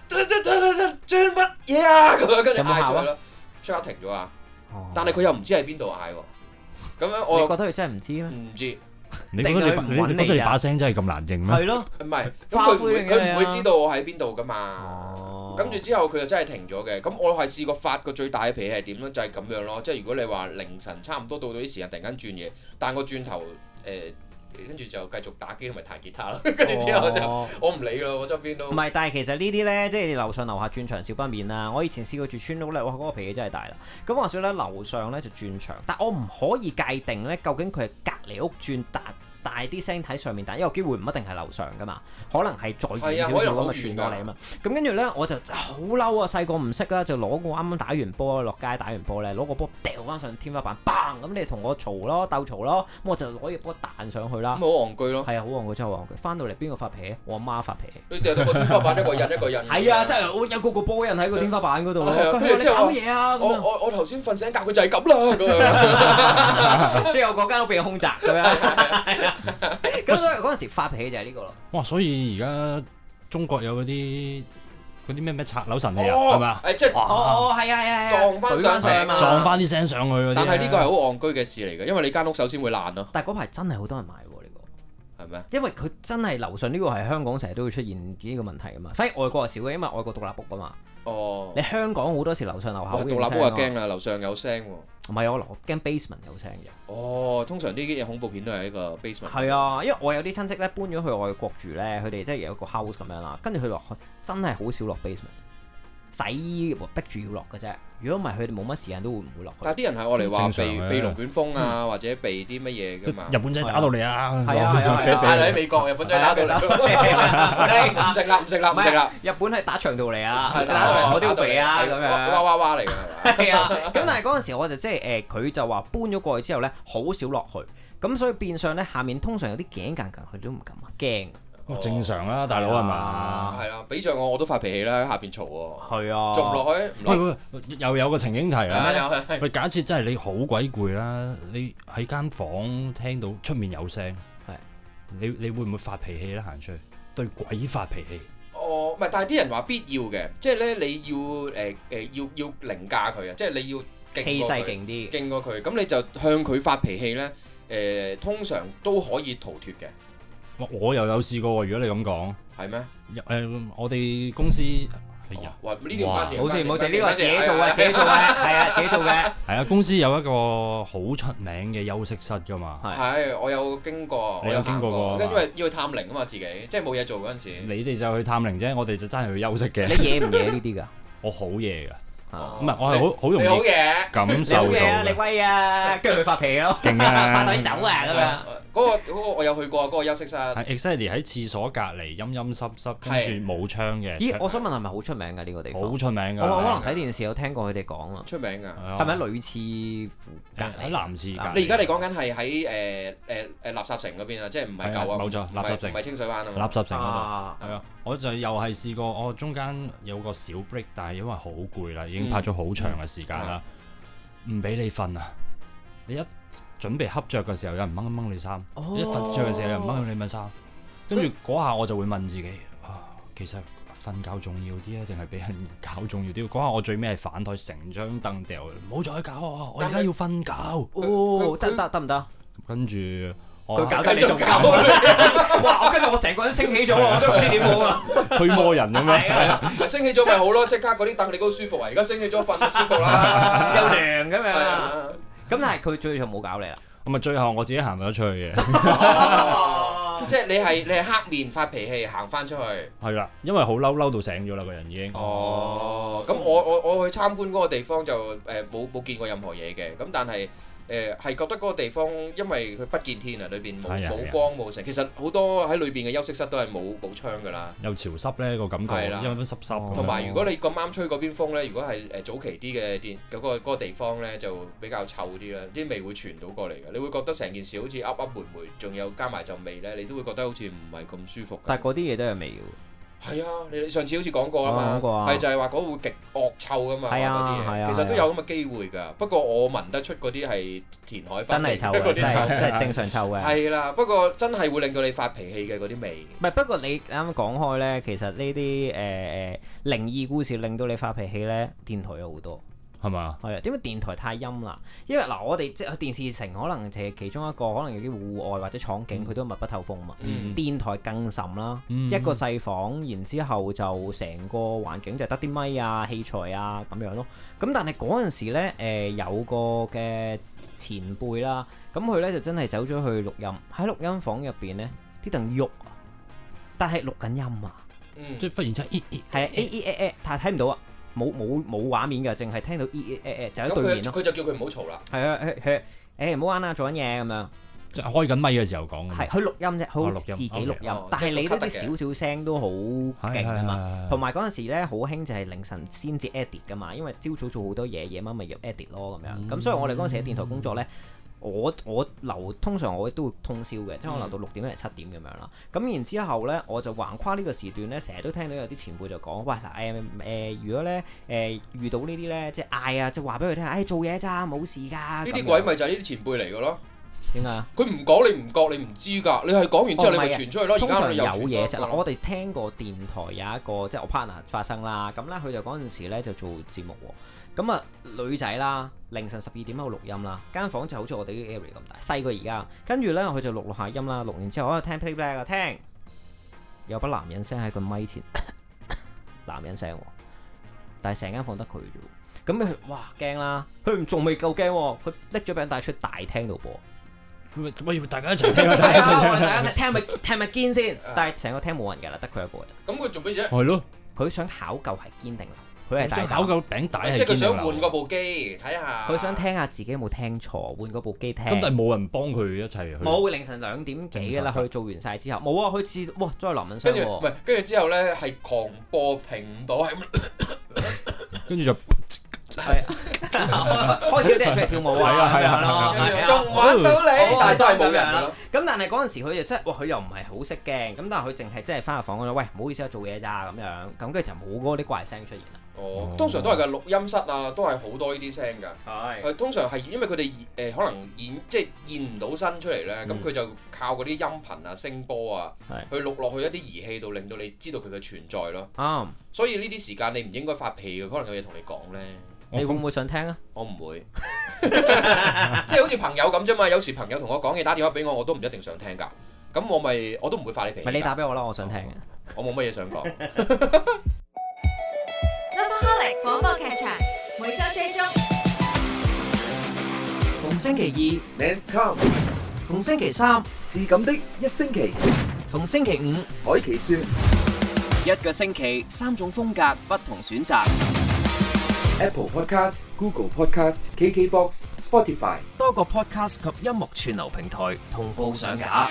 嘟嘟嘟嘟轉乜嘢啊咁樣，跟住嗌出去咯，即刻停咗啊！但係佢又唔知喺邊度嗌，咁樣我覺得佢真係唔知唔知。你，你覺得你你你把聲真係咁難認咩？係咯的，唔係咁佢佢唔會知道我喺邊度㗎嘛。啊、跟住之後佢就真係停咗嘅。咁我係試過發個最大嘅脾氣係點咧？就係、是、咁樣咯。即係如果你話凌晨差唔多到到啲時間，突然間轉嘢，但係我轉頭誒。呃跟住就繼續打機同埋彈吉他咯，跟住之後我就、哦、我唔理咯，我周邊都唔係，但係其實呢啲咧，即係你樓上樓下轉牆少不免啦、啊。我以前試過住村屋咧，哇，嗰、嗰個脾氣真係大啦。咁話說咧，樓上咧就轉牆，但我唔可以界定咧，究竟佢係隔離屋轉達。大啲聲喺上面，但因為機會唔一定係樓上噶嘛，可能係再遠少少咁啊傳過嚟啊嘛。咁跟住咧，我就好嬲啊！細個唔識啊，就攞個啱啱打完波落街打完波咧，攞個波掉翻上天花板，嘭！咁你同我嘈咯，鬥嘈咯。咁我就攞個波彈上去啦。好戇居咯，係啊，好戇居真係好戇居。翻到嚟邊個發脾？我阿媽發脾。佢掉到個天花板一個印一個印。係啊，真係我有個個波印喺個天花板嗰度咯。咁你搞乜嘢啊？我我我頭先瞓醒覺佢就係咁啦。即係我嗰間屋變空宅咁樣。咁所以嗰陣時發脾氣就係呢個咯。哇！所以而家中國有嗰啲啲咩咩拆樓神器啊，係咪？即係，哦哦，係啊係啊，撞翻、啊、撞翻啲聲上去。但係呢個係好戇居嘅事嚟嘅，因為你間屋首先會爛咯、啊。但係嗰排真係好多人買喎呢、呢個，係咪嗎？因為佢真係樓上呢個係香港成日都會出現呢個問題㗎嘛。反而外國係少嘅，因為外國獨立屋㗎嘛。哦。你香港好多時樓上樓下。哦，獨立屋啊，驚啦！樓上有聲喎。唔係我落，驚 basement 有聲嘅。哦，通常呢啲嘢恐怖片都係一個 basement。係啊，因為我有啲親戚咧搬咗去外國住咧，佢哋即係有一個 house 咁樣啦，跟住佢落去真係好少落 basement。洗逼住要落嘅啫，如果唔係佢哋冇乜時間都會唔會落去？但啲人係我嚟話避避龍捲風啊，或者被啲乜嘢㗎嘛？日本仔打到嚟啊！係啊係啊！喺美國日本仔打到嚟，唔食啦唔食啦，唔食啦！日本係打長途嚟啊，打到我都要避啊，哇哇哇嚟㗎！係啊，咁但係嗰陣時我就即係誒，佢就話搬咗過去之後咧，好少落去，咁所以變相咧，下面通常有啲頸頸佢都唔敢啊，驚！正常啦、啊，大佬係嘛？係啦、啊吧啊，比著我我都發脾氣啦，喺下邊嘈喎。係啊，做唔落去。唔係唔又有個情景題啦。係咪、啊啊啊、假設真係你好鬼攰啦，你喺間房聽到出面有聲，係、啊啊、你你會唔會發脾氣咧？行出去對鬼發脾氣。哦、呃，咪但係啲人話必要嘅，即係咧你要誒誒、呃呃、要要凌駕佢啊，即、就、係、是、你要氣勢勁啲，勁過佢。咁你就向佢發脾氣咧，誒、呃、通常，常都可以逃脫嘅。我我又有試過喎，如果你咁講，係咩？誒，我哋公司，哇，呢條花線，冇事冇事，呢個自己做啊，自己做啊，係啊，自己做嘅，係啊，公司有一個好出名嘅休息室噶嘛，係，我有經過，我有經過過，因為要去探靈啊嘛，自己即係冇嘢做嗰陣時，你哋就去探靈啫，我哋就真係去休息嘅。你夜唔夜呢啲噶？我好夜噶，唔係我係好好容易，你好嘅，感受到，你好嘅，你威啊，跟住佢發脾氣囉，發底走啊咁啊。嗰個我有去過啊，嗰個休息室。exactly 喺廁所隔離，陰陰濕濕，跟住冇窗嘅。咦，我想問係咪好出名㗎呢個地方？好出名㗎。我可能睇電視有聽過佢哋講啊。出名㗎。係咪女廁隔離？喺男廁隔離。你而家你講緊係喺誒誒誒垃圾城嗰邊啊？即係唔係舊啊？冇錯，垃圾城。唔係清水灣啊。垃圾城嗰度。係啊，我就又係試過，我中間有個小 break，但係因為好攰啦，已經拍咗好長嘅時間啦，唔俾你瞓啊！你一準備瞌着嘅時候，有人掹一掹你衫；一瞓着嘅時候，有人掹一掹你衫。跟住嗰下我就會問自己：啊，其實瞓覺重要啲啊，定係俾人搞重要啲？嗰下我最尾係反枱成張凳掉，唔好再搞，我而家要瞓覺。哦，得得得唔得？跟住佢繼續搞。哇！我跟住我成個人升起咗，我都唔知點好啊。驅魔人咁樣，係啊，升起咗咪好咯？即刻嗰啲凳你都舒服啊。而家升起咗瞓舒服啦，又涼㗎嘛。咁但係佢最後冇搞你啦，咁啊，最後我自己行咗出去嘅。即係你係你係黑面發脾氣行返出去，係啦，因為好嬲嬲到醒咗啦，個人已經。哦，咁、嗯、我我我去參觀嗰個地方就誒冇冇見過任何嘢嘅，咁但係。誒係、呃、覺得嗰個地方，因為佢不見天啊，裏邊冇冇光冇成，其實好多喺裏邊嘅休息室都係冇冇窗㗎啦，又潮濕咧、嗰個感覺，啦因為都濕濕。同埋如果你咁啱吹嗰邊風咧，如果係誒早期啲嘅電嗰個嗰個地方咧，就比較臭啲啦，啲味會傳到過嚟㗎，你會覺得成件事好似噏噏黴黴，仲有加埋就味咧，你都會覺得好似唔係咁舒服。但係嗰啲嘢都有味㗎。係啊，你上次好似講過啦嘛，係、啊嗰個啊、就係話嗰度極惡臭噶嘛，嗰啲嘢其實都有咁嘅機會㗎。不過我聞得出嗰啲係填海真係臭嘅，真係、就係就係、正常臭嘅。係啦、 啊，不過真係會令到你發脾氣嘅嗰啲味。唔係，不過你啱啱講開咧，其實呢啲誒誒靈異故事令到你發脾氣咧，電台有好多。係嘛？係啊，點解電台太陰啦？因為嗱，我哋即係電視城，可能係其中一個，可能有啲戶外或者廠景，佢、嗯、都密不透風嘛。嗯、電台更甚啦，嗯、一個細房，然之後就成個環境就得啲咪啊、器材啊咁樣咯。咁但係嗰陣時咧，誒、呃、有個嘅前輩啦，咁佢咧就真係走咗去錄音，喺錄音房入邊咧啲凳喐，啊，但係錄緊音啊！嗯、即係忽然之間咿咿咿咿咿咿，係啊，咦咦咦但係睇唔到啊。冇冇冇畫面㗎，淨係聽到誒誒誒就喺對面咯。佢、欸欸欸欸欸、就叫佢唔好嘈啦。係啊，誒唔好玩啦，做緊嘢咁樣。就開緊咪嘅時候講。係，佢錄音啫，佢錄自己錄音，但係你都知少，少少聲都好勁啊嘛。同埋嗰陣時咧，好興就係凌晨先至 edit 㗎嘛，因為朝早做好多嘢，夜晚咪要 edit 咯咁樣。咁、嗯、所以我哋嗰陣時喺電台工作咧。我我留通常我都會通宵嘅，即係、嗯、我留到六點一係七點咁樣啦。咁然之後咧，我就橫跨呢個時段咧，成日都聽到有啲前輩就講：喂，嗱、呃、誒、呃、如果咧誒、呃、遇到呢啲咧，即係嗌啊，即係話俾佢聽，誒、哎、做嘢咋，冇事㗎。呢啲鬼咪就係呢啲前輩嚟㗎咯。點解，佢唔講你唔覺，你唔知㗎。你係講完之後，你咪傳出去咯。哦、現在 通常有嘢食。嗱，我哋聽過電台有一個即係、就是、我 partner 發生啦。咁咧，佢就嗰陣時咧就做節目喎。咁啊，女仔啦，凌晨十二點喺度錄音啦，間房就好似我哋啲 area 咁大，細過而家。跟住咧，佢就錄錄下音啦，錄完之後度、哦、聽 play back 啊，聽，有把男人聲喺個咪前哼哼，男人聲、哦，但係成間房得佢啫。咁佢哇驚啦，佢仲未夠驚，佢拎咗餅帶出大廳度播。乜要大家一齊聽啊？大家聽咪聽咪堅先，啊、但係成個廳冇人噶啦，得佢一個咋。咁佢做乜啫？係咯，佢想考究係堅定。佢係打緊餅底，係即係佢想換個部機睇下。佢想聽下自己有冇聽錯，換個部機聽。真係冇人幫佢一齊。冇凌晨兩點幾嘅啦，佢做完晒之後冇啊，佢似哇都係林允生喎。唔係，跟住之後咧係狂播，停唔到，係咁。跟住就係開始有啲人出嚟跳舞啊，係啊係啊啦，仲玩到你，但係真係冇人啦。咁但係嗰陣時佢又即係哇，佢又唔係好識驚，咁但係佢淨係即係翻入房嗰度，喂，唔好意思，我做嘢咋咁樣，咁跟住就冇嗰啲怪聲出現啦。哦，通常都係嘅錄音室啊，都係好多呢啲聲噶。係是。通常係因為佢哋誒可能現即係現唔到身出嚟咧，咁佢、嗯、就靠嗰啲音頻啊、聲波啊，是去錄落去一啲儀器度，令到你知道佢嘅存在咯。啱、嗯。所以呢啲時間你唔應該發脾氣，可能有嘢同你講咧。你會唔會想聽啊？我唔會。即係 好似朋友咁啫嘛，有時朋友同我講嘢，打電話俾我，我都唔一定想聽㗎。咁我咪我都唔會發你脾氣。你打俾我啦，我想聽。我冇乜嘢想講。廣播劇場每周追蹤，逢星期二《Men's Come》，逢星期三是咁的一星期，逢星期五《海奇說》。一個星期三種風格，不同選擇。Apple Podcast、Google Podcast、KKBox、Spotify 多個 podcast 及音樂串流平台同步上架。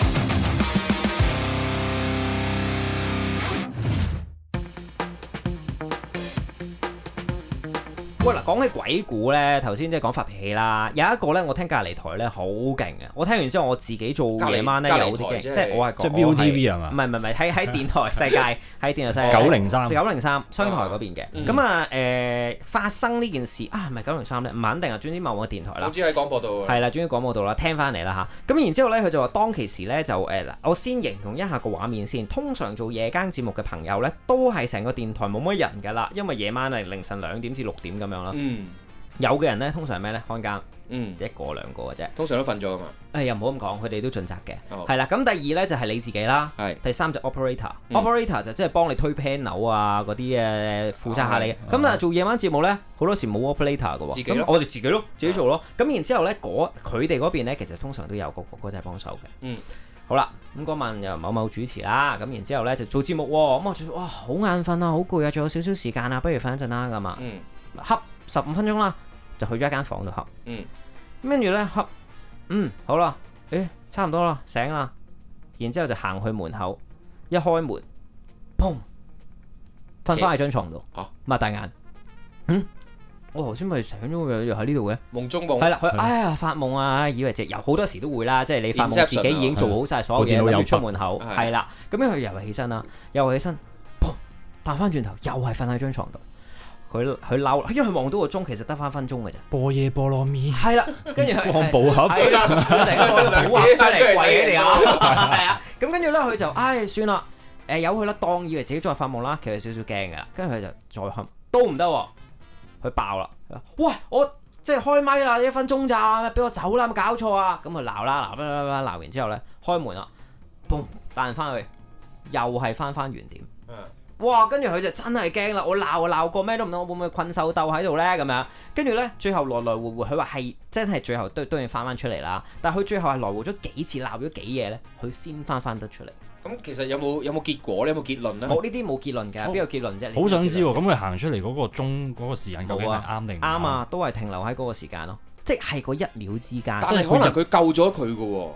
喂，講起鬼故咧，頭先即係講發脾氣啦。有一個咧，我聽隔離台咧好勁嘅。我聽完之後，我自己做夜晚咧有啲勁，即係我係做 U T V 係嘛？唔係唔係唔係，喺喺電台世界，喺電台世界九零三九零三商台嗰邊嘅。咁啊誒發生呢件事啊，唔係九零三咧，唔肯定係專啲某某個電台啦。總之喺廣播度係啦，專於廣播度啦，聽翻嚟啦吓。咁然之後咧，佢就話當其時咧就誒，嗱，我先形容一下個畫面先。通常做夜間節目嘅朋友咧，都係成個電台冇乜人㗎啦，因為夜晚係凌晨兩點至六點咁。咁樣咯，嗯，有嘅人咧，通常咩咧看更，嗯，一個兩個嘅啫，通常都瞓咗啊嘛，誒又唔好咁講，佢哋都盡責嘅，係啦，咁第二咧就係你自己啦，係，第三就 operator，operator 就即係幫你推 p a n 樓啊，嗰啲誒負責下你咁，但做夜晚節目咧，好多時冇 operator 嘅，咁我哋自己咯，自己做咯，咁然之後咧佢哋嗰邊咧，其實通常都有個哥哥仔幫手嘅，嗯，好啦，咁嗰晚又某某主持啦，咁然之後咧就做節目，咁我哇，好眼瞓啊，好攰啊，仲有少少時間啊，不如瞓一陣啦，咁啊，嗯。恰十五分鐘啦，就去咗一間房度恰、嗯，嗯，跟住咧恰，嗯，好啦，誒差唔多啦，醒啦，然之後就行去門口，一開門，砰，瞓翻喺張床度，擘、呃、大眼，嗯，我頭先咪醒咗，又喺呢度嘅夢中夢，係啦，佢是的 哎呀發夢啊，以為隻由好多時都會啦，即係你發夢自己已經做好晒所有嘢，又、嗯、出門口，係啦是的，咁樣佢又起身啦，又起身，砰，彈翻轉頭又係瞓喺張床度。佢佢嬲，因為佢望到個鐘其實得翻分鐘嘅啫。播夜菠蘿咪係啦，跟住佢放寶口，係啦、哎，成個 兩字真係鬼嚟啊！係啊 咁跟住咧，佢就唉算啦，誒、呃、由佢啦，當以為自己再發夢啦，其實少少驚嘅啦。跟住佢就再喊都唔得，佢爆啦！喂，我即係開咪啦，一分鐘咋？俾我走啦！有冇搞錯啊？咁佢鬧啦，鬧完之後咧，開門啦，嘣，帶人翻去，又係翻翻原點。哇！跟住佢就真係驚啦，我鬧鬧過咩都唔得，我會唔會困獸鬥喺度呢？咁樣跟住呢，最後來來回回，佢話係真係最後都都要翻翻出嚟啦。但係佢最後係來回咗幾次，鬧咗幾嘢呢，佢先翻翻得出嚟。咁其實有冇有冇結果呢？嗯、有冇結，我結論呢？冇呢啲冇結論㗎，邊有結論啫？好想知喎！咁佢行出嚟嗰個鐘嗰個時間、啊、究竟係啱定啱啊？都係停留喺嗰個時間咯，即係嗰一秒之間。但係可能佢救咗佢㗎喎。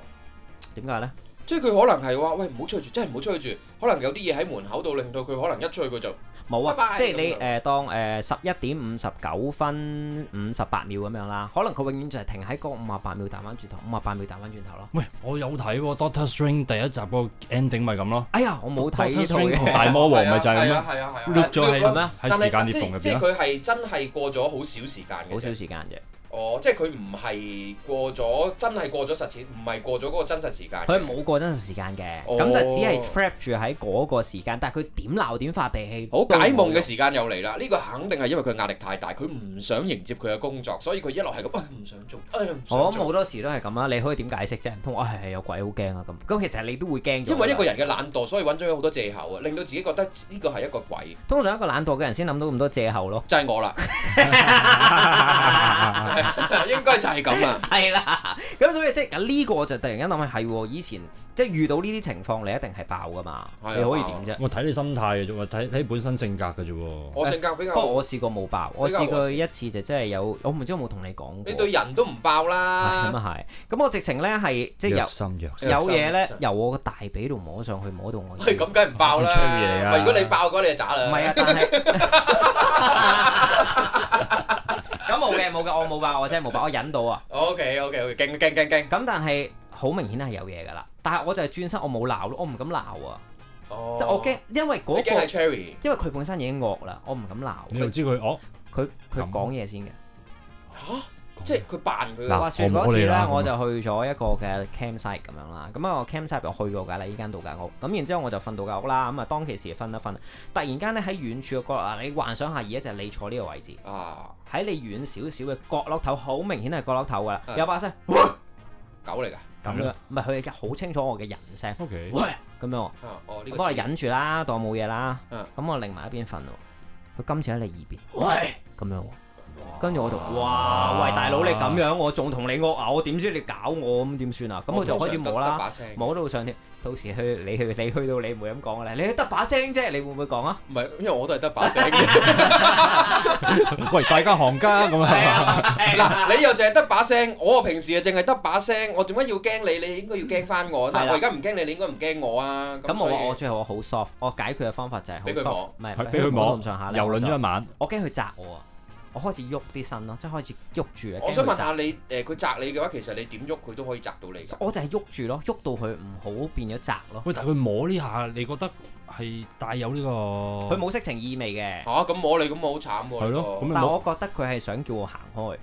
點解呢？即係佢可能係話：喂，唔好出去住，真係唔好出去住。可能有啲嘢喺門口度，令到佢可能一出去佢就冇啊。即係你誒當誒十一點五十九分五十八秒咁樣啦。可能佢永遠就係停喺嗰五十八秒彈翻轉頭，五十八秒彈翻轉頭咯。喂，我有睇 Doctor Strange 第一集嗰個 ending 咪咁咯。哎呀，我冇睇呢套嘅。大魔王咪就係咁，錄咗咁樣，喺時間裂縫入邊佢係真係過咗好少時間好少時間嘅。哦，即係佢唔係過咗，真係過咗實踐，唔係過咗嗰個真實時間。佢冇過真實時間嘅，咁就只係 trap 住喺嗰個時間。但係佢點鬧點發脾氣？好解夢嘅時間又嚟啦！呢個肯定係因為佢壓力太大，佢唔想迎接佢嘅工作，所以佢一路係咁，唔想做。我諗好多時都係咁啊！你可以點解釋啫？唔通我係係有鬼好驚啊咁？咁其實你都會驚。因為一個人嘅懶惰，所以揾咗好多藉口啊，令到自己覺得呢個係一個鬼。通常一個懶惰嘅人先諗到咁多藉口咯。就係我啦。應該就係咁啊，係啦。咁所以即係呢個就突然間諗起係，以前即係遇到呢啲情況，你一定係爆噶嘛？你可以點啫？我睇你心態嘅啫，睇睇本身性格嘅啫。我性格比較，不過我試過冇爆，我試過一次就真係有，我唔知有冇同你講。你對人都唔爆啦。咁啊係，咁我直情咧係即係有有嘢，咧由我個大髀度摸上去摸到我。係咁梗唔爆啦，唔係如果你爆嗰你就渣啦。唔係啊，但係。冇噶，我冇爆，我真係冇爆，我忍到啊！OK OK，勁勁勁勁！咁但係好明顯係有嘢噶啦，但係我就係轉身，我冇鬧咯，我唔敢鬧啊！Oh, 即係我驚，因為嗰、個係、Cherry，因為佢本身已經惡啦，我唔敢鬧。你又知佢惡？佢佢樣講嘢先嘅嚇。即係佢扮佢。嗱， 話說嗰次咧，我就去咗一個嘅 campsite 咁樣啦。咁啊 campsite 我去過㗎啦，呢間度假屋。咁然之後我就瞓度假屋啦。咁啊當其時瞓一瞓。突然間咧，喺遠處嘅角落啊，你幻想下，而家就你坐呢個位置。哦。喺你遠少少嘅角落頭，好明顯係角落頭㗎啦。有把聲。喂。狗嚟㗎。咁樣。唔係佢係好清楚我嘅人聲。喂。咁樣喎。哦。我忍住啦，當冇嘢啦。嗯。咁我另埋一邊瞓咯。佢今次喺你耳邊哇。喂。咁樣。跟住我就，哇！喂，大佬你咁樣，我仲同你惡啊，我點知你搞我咁點算啊？咁我就開始摸啦，摸到上天，到時去你去你去到你唔會咁講啦。你得把聲啫，你會唔會講啊？唔係，因為我都係得把聲。喂，大家行家咁啊！嗱，你又淨係得把聲，我平時又淨係得把聲，我做乜要驚你？你應該要驚翻我。我而家唔驚你，你應該唔驚我啊！咁我我最後我好 soft，我解決嘅方法就係俾佢摸，唔係俾佢摸咁上下，又輪咗一晚，我驚佢扎我啊！我開始喐啲身咯，即係開始喐住。我想問下你，誒佢擲你嘅話，其實你點喐佢都可以擲到你。我就係喐住咯，喐到佢唔好變咗擲咯。喂，但係佢摸呢下，你覺得係帶有呢個？佢冇色情意味嘅。嚇、啊！咁摸你咁好慘喎。係咯。咁但我覺得佢係想叫我行開。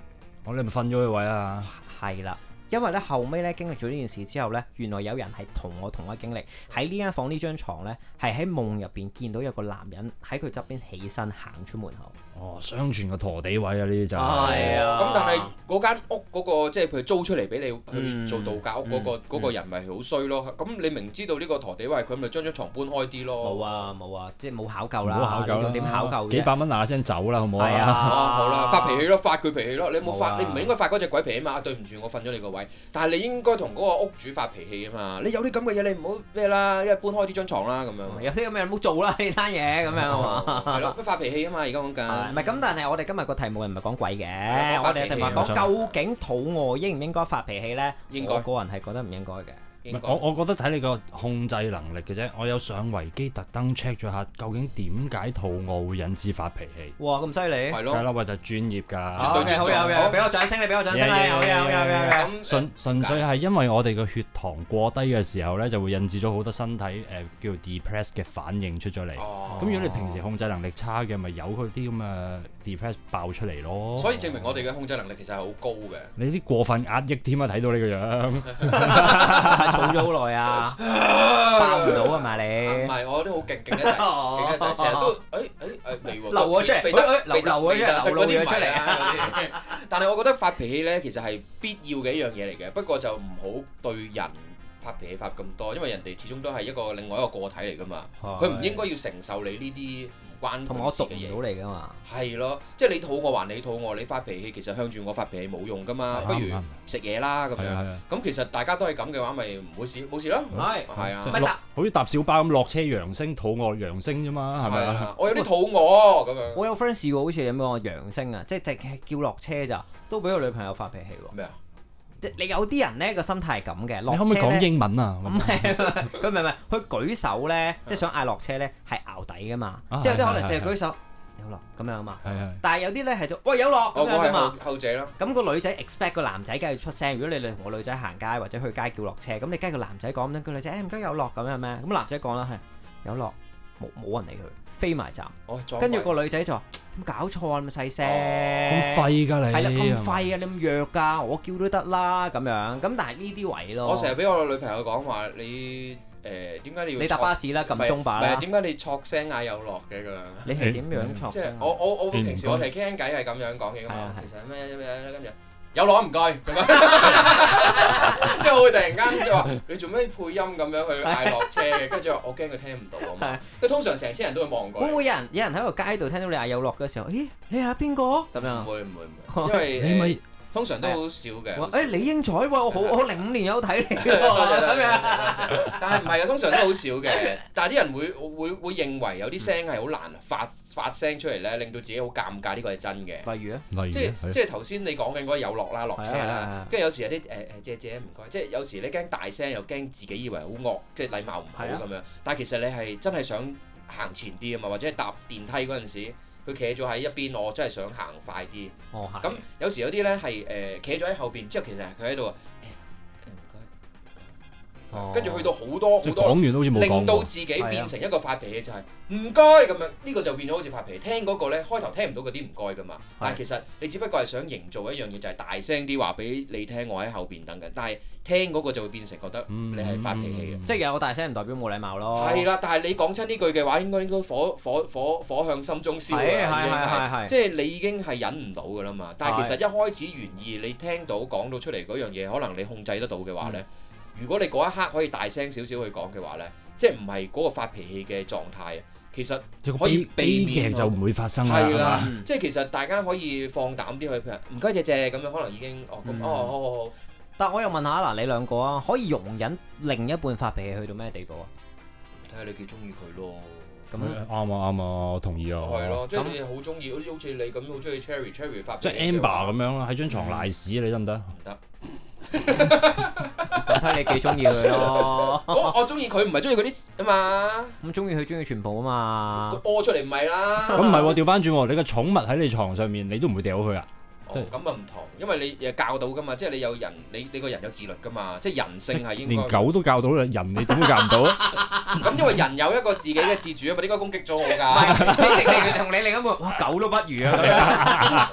我你咪瞓咗佢位啊！係啦，因為咧後尾咧經歷咗呢件事之後咧，原來有人係同我同一經歷，喺呢間房呢張床咧係喺夢入邊見到有個男人喺佢側邊起身行出門口。哦，相傳個陀地位啊，呢啲就係啊，但係嗰間屋嗰個即係佢租出嚟俾你去做度假屋嗰個嗰個人，咪好衰咯。咁你明知道呢個陀地位，佢咪將張床搬開啲咯。冇啊冇啊，即係冇考究啦，冇考究啦，點考究？幾百蚊嗱嗱聲走啦，好唔好啊？係啊，好啦，發脾氣咯，發佢脾氣咯。你冇發，你唔係應該發嗰隻鬼脾氣啊嘛？對唔住，我瞓咗你個位。但係你應該同嗰個屋主發脾氣啊嘛。你有啲咁嘅嘢，你唔好咩啦？一係搬開呢張床啦，咁樣。有啲咁嘅嘢唔好做啦，呢單嘢咁樣啊嘛。係咯，都發脾氣啊嘛，而家講緊。唔係咁，但係我哋今日個題目又唔係講鬼嘅？我哋係同埋講究竟肚餓錯應唔應該發脾氣咧？應該該我個人係覺得唔應該嘅。我我覺得睇你個控制能力嘅啫，我有上維基特登 check 咗下，究竟點解肚餓會引致發脾氣？哇，咁犀利！係咯，係啦，或者專業㗎，絕對專業。好有嘅，俾個掌聲，你俾個掌聲啦。有純純粹係因為我哋個血糖過低嘅時候咧，就會引致咗好多身體誒叫做 depress 嘅反應出咗嚟。咁如果你平時控制能力差嘅，咪有佢啲咁嘅 depress 爆出嚟咯。所以證明我哋嘅控制能力其實係好高嘅。你啲過分壓抑添啊！睇到呢個樣。爽咗好耐啊！爆唔 到啊。嘛你？唔係我啲好勁勁一陣，勁一陣成日都誒誒誒未喎，留出嚟，留留我出嚟，攞啲出嚟啊！但係我覺得發脾氣咧，其實係必要嘅一樣嘢嚟嘅。不過就唔好對人發脾氣發咁多，因為人哋始終都係一個另外一個個體嚟㗎嘛。佢唔應該要承受你呢啲。 同我讀唔到你噶嘛，係咯，即係你肚餓還你肚餓，你發脾氣其實向住我發脾氣冇用噶嘛，不如食嘢啦咁樣。咁其實大家都係咁嘅話，咪唔冇事冇事咯。係，係啊，好似搭小巴咁落車揚聲，肚餓揚聲啫嘛，係咪？我有啲肚餓咁，我有 friend 試過，好似咁講揚聲啊，即係直叫落車咋，都俾個女朋友發脾氣喎。咩啊？你有啲人咧，個心態係咁嘅，落車咧。你可唔可以講英文啊？唔係，佢唔係唔係，佢舉手咧，即係想嗌落車咧，係拗底㗎嘛。即係有啲可能淨係舉手有落咁樣啊嘛。係係。但係有啲咧係做喂有落咁樣啊嘛。後者咯。咁個女仔 expect 個男仔梗係出聲。如果你你同個女仔行街或者去街叫落車，咁你梗係個男仔講咁樣，個女仔誒唔該有落咁樣咩？咁男仔講啦係有落，冇冇人理佢。飛埋站，跟住、哦、個女仔就話：點搞錯啊！咁細聲，咁、哦、廢㗎你，係啦，咁廢㗎、啊，是是你咁弱㗎、啊，我叫都得啦咁樣。咁但係呢啲位咯，我成日俾我女朋友講話，你誒點解你要你搭巴士啦，撳鐘吧，點解你錯聲嗌、啊、有落嘅咁 樣？嗯、你係點樣錯？即係我我我平時我哋傾偈係咁樣講嘅嘛，的其實咩咩啦，跟住。有落唔該，咁樣，因 為 我會突然間即係話你做咩配音咁樣去嗌落車嘅，跟住 我我驚佢聽唔到啊嘛。佢、 嗯、通常成車人都會望過。會唔會有人有人喺個街度聽到你嗌有落嘅時候？咦、欸，你係邊個？咁樣。唔會唔會唔會，會會會 因為 通常都好少嘅。誒、啊、李英彩喎，我好零五年有睇嚟嘅，但係唔係啊？通常都好少嘅。但係啲人會會會認為有啲聲係好難發發聲出嚟咧，令到自己好尷尬。呢個係真嘅。例如咧，即例如即係即係頭先你講緊嗰個有落啦、落車啦，跟住有時有啲誒誒姐姐唔該，即係有時你驚大聲又驚自己以為好惡，即係禮貌唔好咁樣。對了 但係其實你係真係想行前啲啊嘛，或者係搭電梯嗰陣時。佢企咗喺一邊，我真係想行快啲。咁、哦、有時有啲咧係誒，企咗喺後邊之後，其實佢喺度。跟住去到好多好多，令到自己變成一個發脾氣就係唔該咁樣，呢個就變咗好似發脾氣。聽嗰個呢，開頭聽唔到嗰啲唔該噶嘛，但係其實你只不過係想營造一樣嘢，就係大聲啲話俾你聽，我喺後邊等緊。但係聽嗰個就會變成覺得你係發脾氣嘅，即係有大聲唔代表冇禮貌咯。係啦，但係你講親呢句嘅話，應該都火火火火向心中燒，即係你已經係忍唔到噶啦嘛。但係其實一開始原意你聽到講到出嚟嗰樣嘢，可能你控制得到嘅話呢。如果你嗰一刻可以大聲少少去講嘅話咧，即係唔係嗰個發脾氣嘅狀態啊？其實可以避免就唔會發生啦。係啦，即係其實大家可以放膽啲去，唔該謝謝咁樣，可能已經哦，哦好好好。但我又問下嗱，你兩個啊，可以容忍另一半發脾氣去到咩地步啊？睇下你幾中意佢咯。咁啱啊啱啊，我同意啊。係咯，即係你好中意，好似你咁好中意 Cherry Cherry 發，即係 Amber 咁樣啦，喺張床瀨屎你得唔得？唔得。睇你幾中意佢咯。 我，我我中意佢唔係中意嗰啲啊嘛，咁中意佢中意全部啊嘛，佢播出嚟唔係啦，咁唔係喎，調返轉喎，你個寵物喺你床上面，你都唔會掉佢啊。咁啊唔同，因為你誒教到噶嘛，即係你有人，你你個人有自律噶嘛，即係人性係應該。連狗都教到啦，人你點都教唔到？咁因為人有一個自己嘅自主啊嘛，點解攻擊咗我㗎？唔係，你另同你另一半，哇，狗都不如啊！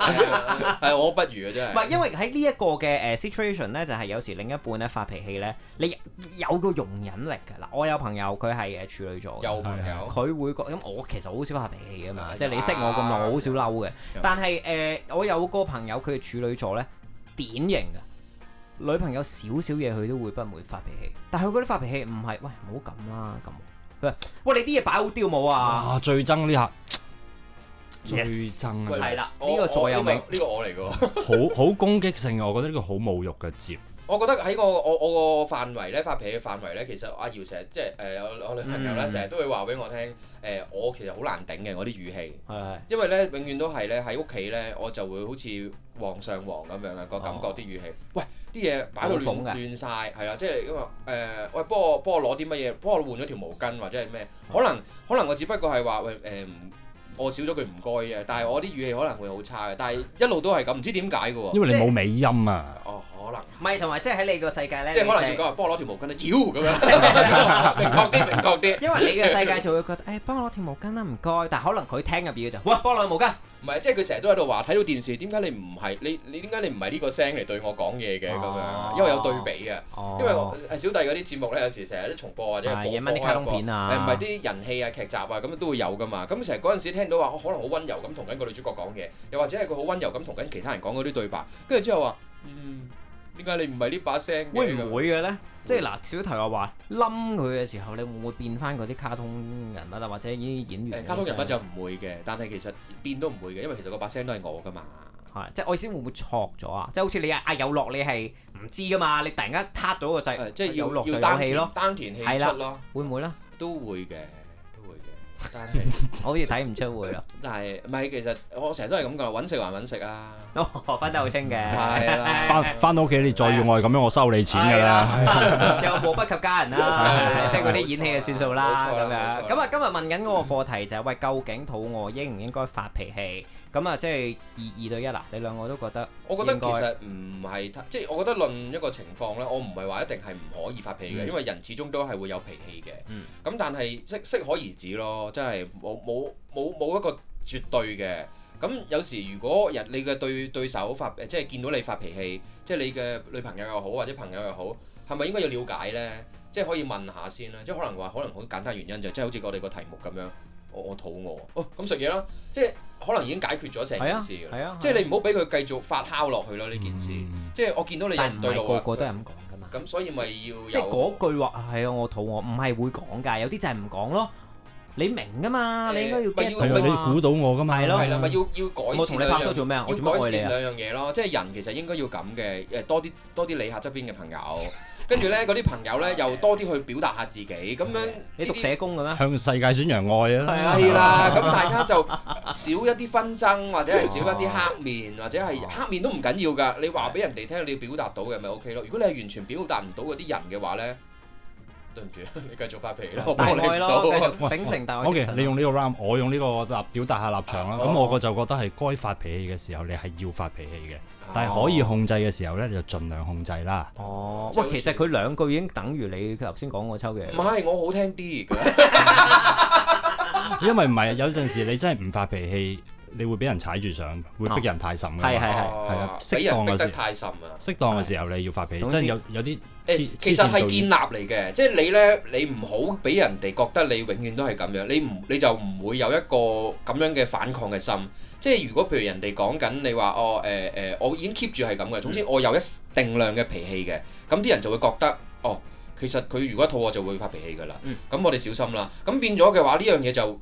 係我不如啊，真係。唔係因為喺呢一個嘅誒 situation 咧，就係有時另一半咧發脾氣咧，你有個容忍力㗎啦。我有朋友佢係誒處女座，有朋友，佢會覺咁我其實好少發脾氣㗎嘛，即係你識我咁耐，我好少嬲嘅。但係誒，我有個朋友。有佢嘅處女座咧，典型嘅女朋友少少嘢佢都會不會發脾氣，但係佢嗰啲發脾氣唔係，喂唔好咁啦咁，喂，喂你啲嘢擺好丟冇啊！最憎呢下，最憎啊！係啦 Yes,，呢個座右銘，呢、呢個呢個我嚟嘅， 好好攻擊性，啊！我覺得呢個好侮辱嘅接。我覺得喺個我我個範圍呢，發脾氣嘅範圍呢，其實阿姚成日即係誒我我女朋友呢，成日都會話俾我聽，誒、呃、我其實好難頂嘅我啲語氣，因為呢永遠都係呢喺屋企呢，我就會好似皇上皇咁樣嘅個感覺啲語氣，喂啲嘢擺到亂晒，曬，係啦，即係因為誒喂幫我幫我攞啲乜嘢，幫我換咗條毛巾或者係咩？可能可能我只不過係話喂誒。呃呃我少咗句唔該嘅，但係我啲語氣可能會好差嘅，但係一路都係咁，唔知點解嘅喎。因為你冇尾音啊。哦，可能。唔係，同埋即係喺你個世界咧。即係可能明確，幫我攞條毛巾啦，妖咁樣。明確啲，明確啲。因為你嘅世界就會覺得，誒，幫我攞條毛巾啦，唔該。但係可能佢聽入邊就，哇，幫我攞條毛巾。唔係，即係佢成日都喺度話睇到電視，點解你唔係你你點解你唔係呢個聲嚟對我講嘢嘅咁樣？啊、因為有對比嘅，啊、因為小弟嗰啲節目咧，有時成日都重播或者播翻啲卡通片啊，唔係啲人氣啊劇集啊咁都會有噶嘛。咁成日嗰陣時聽到話，可能好温柔咁同緊個女主角講嘢，又或者係佢好温柔咁同緊其他人講嗰啲對白，跟住之後話，嗯，點解你唔係呢把聲呢？會唔會嘅咧？會即係嗱，小頭又話冧佢嘅時候，你會唔會變翻嗰啲卡通人物啊，或者啲演員？卡通人物就唔會嘅，但係其實變都唔會嘅，因為其實個把聲都係我噶嘛。係，即係我意思會唔會錯咗啊？即係好似你啊，有樂你係唔知噶嘛，你突然間塌咗個掣、嗯，即要有樂就丹氣咯，丹田氣出咯，會唔會咧？都會嘅。我好似睇唔出會咯，但係唔係其實我成日都係咁噶，搵食還搵食啊，哦分得好清嘅，係翻翻到屋企你再要我咁樣，我收你錢噶啦，又禍不及家人啦，即係嗰啲演戲就算數啦，咁樣，咁啊今日問緊嗰個課題就係喂，究竟肚餓應唔應該發脾氣？咁啊即係二二對一嗱，你兩個都覺得，我覺得其實唔係即係，我覺得論一個情況咧，我唔係話一定係唔可以發脾氣嘅，因為人始終都係會有脾氣嘅，嗯，咁但係適適可而止咯。真係冇冇冇冇一個絕對嘅咁，有時如果人你嘅對對手發，即係見到你發脾氣，即係你嘅女朋友又好或者朋友又好，係咪應該要了解咧？即係可以問下先啦。即係可能話可能好簡單原因就即係好似我哋個題目咁樣，我我肚餓哦。咁食嘢啦，即係可能已經解決咗成件事嘅，即係你唔好俾佢繼續發酵落去咯呢件事。即係我見到你又唔對路啊！個個都係咁講㗎嘛。咁所以咪要即係嗰句話係啊，我肚餓唔係會講㗎，有啲就係唔講咯。你明噶嘛？你應該要你估到我㗎嘛？係咯。係啦，咪要要改善。我同你拍拖做咩要改善兩樣嘢咯。即係人其實應該要咁嘅，誒多啲多啲理下側邊嘅朋友，跟住咧嗰啲朋友咧又多啲去表達下自己，咁樣。你讀社工嘅咩？向世界宣揚愛啊！係啦，咁大家就少一啲紛爭，或者係少一啲黑面，或者係黑面都唔緊要㗎。你話俾人哋聽，你要表達到嘅咪 OK 咯。如果你係完全表達唔到嗰啲人嘅話咧。對唔住，你繼續發脾氣咯，大愛咯，繼續秉承大愛、哦。OK，你用呢個 ram 我用呢個表達下立場啦。咁、哦、我個就覺得係該發脾氣嘅時候，你係要發脾氣嘅，哦、但係可以控制嘅時候咧，你就儘量控制啦。哦，喂，其實佢兩句已經等於你頭先講個抽嘅。唔係，我好聽啲。 因為唔係有陣時你真係唔發脾氣。你會俾人踩住上，會逼人太甚啊，係係係，哦、俾人逼得太甚，適當嘅時適當嘅時候你要發脾氣，即係之有有啲誒、欸，其實係建立嚟嘅，即係你咧，你唔好俾人哋覺得你永遠都係咁樣，你唔你就唔會有一個咁樣嘅反抗嘅心。即、就、係、是、如果譬如人哋講緊你話哦誒誒、呃呃，我已經 keep 住係咁嘅，總之我有一定量嘅脾氣嘅，咁啲人就會覺得哦，其實佢如果肚餓就會發脾氣㗎啦。咁、嗯、我哋小心啦。咁變咗嘅話，呢樣嘢就。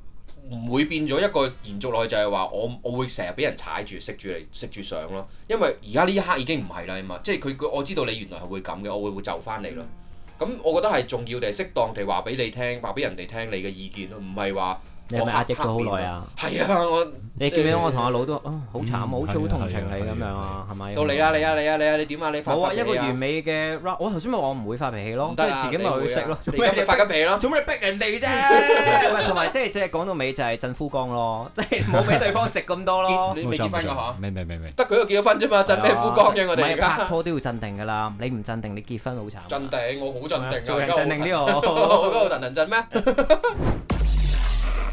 唔會變咗一個延續落去，就係話我我會成日俾人踩住食住嚟食住上咯。因為而家呢一刻已經唔係啦嘛，即係佢佢我知道你原來係會咁嘅，我會會就翻你咯。咁我覺得係重要定係適當地話俾你聽，話俾人哋聽你嘅意見咯，唔係話。你係咪壓抑咗好耐啊？係啊，我你記唔記得我同阿老都啊好慘啊，好似好同情你咁樣啊，係咪？到你啦，你啊，你啊，你啊，你點啊？你發好啊一個完美嘅我頭先咪話唔會發脾氣咯，即係自己咪去食咯。做咩發緊脾咯？做咩逼人哋啫？同埋即係即係講到尾就係鎮夫剛咯，即係冇俾對方食咁多咯。未結婚㗎嗬？明明明得佢個結咗婚啫嘛，鎮咩夫剛嘅，我哋而家拍拖都要鎮定㗎啦，你唔鎮定你結婚好慘。鎮定，我好鎮定啊！做人鎮定啲我，我嗰度震震震咩？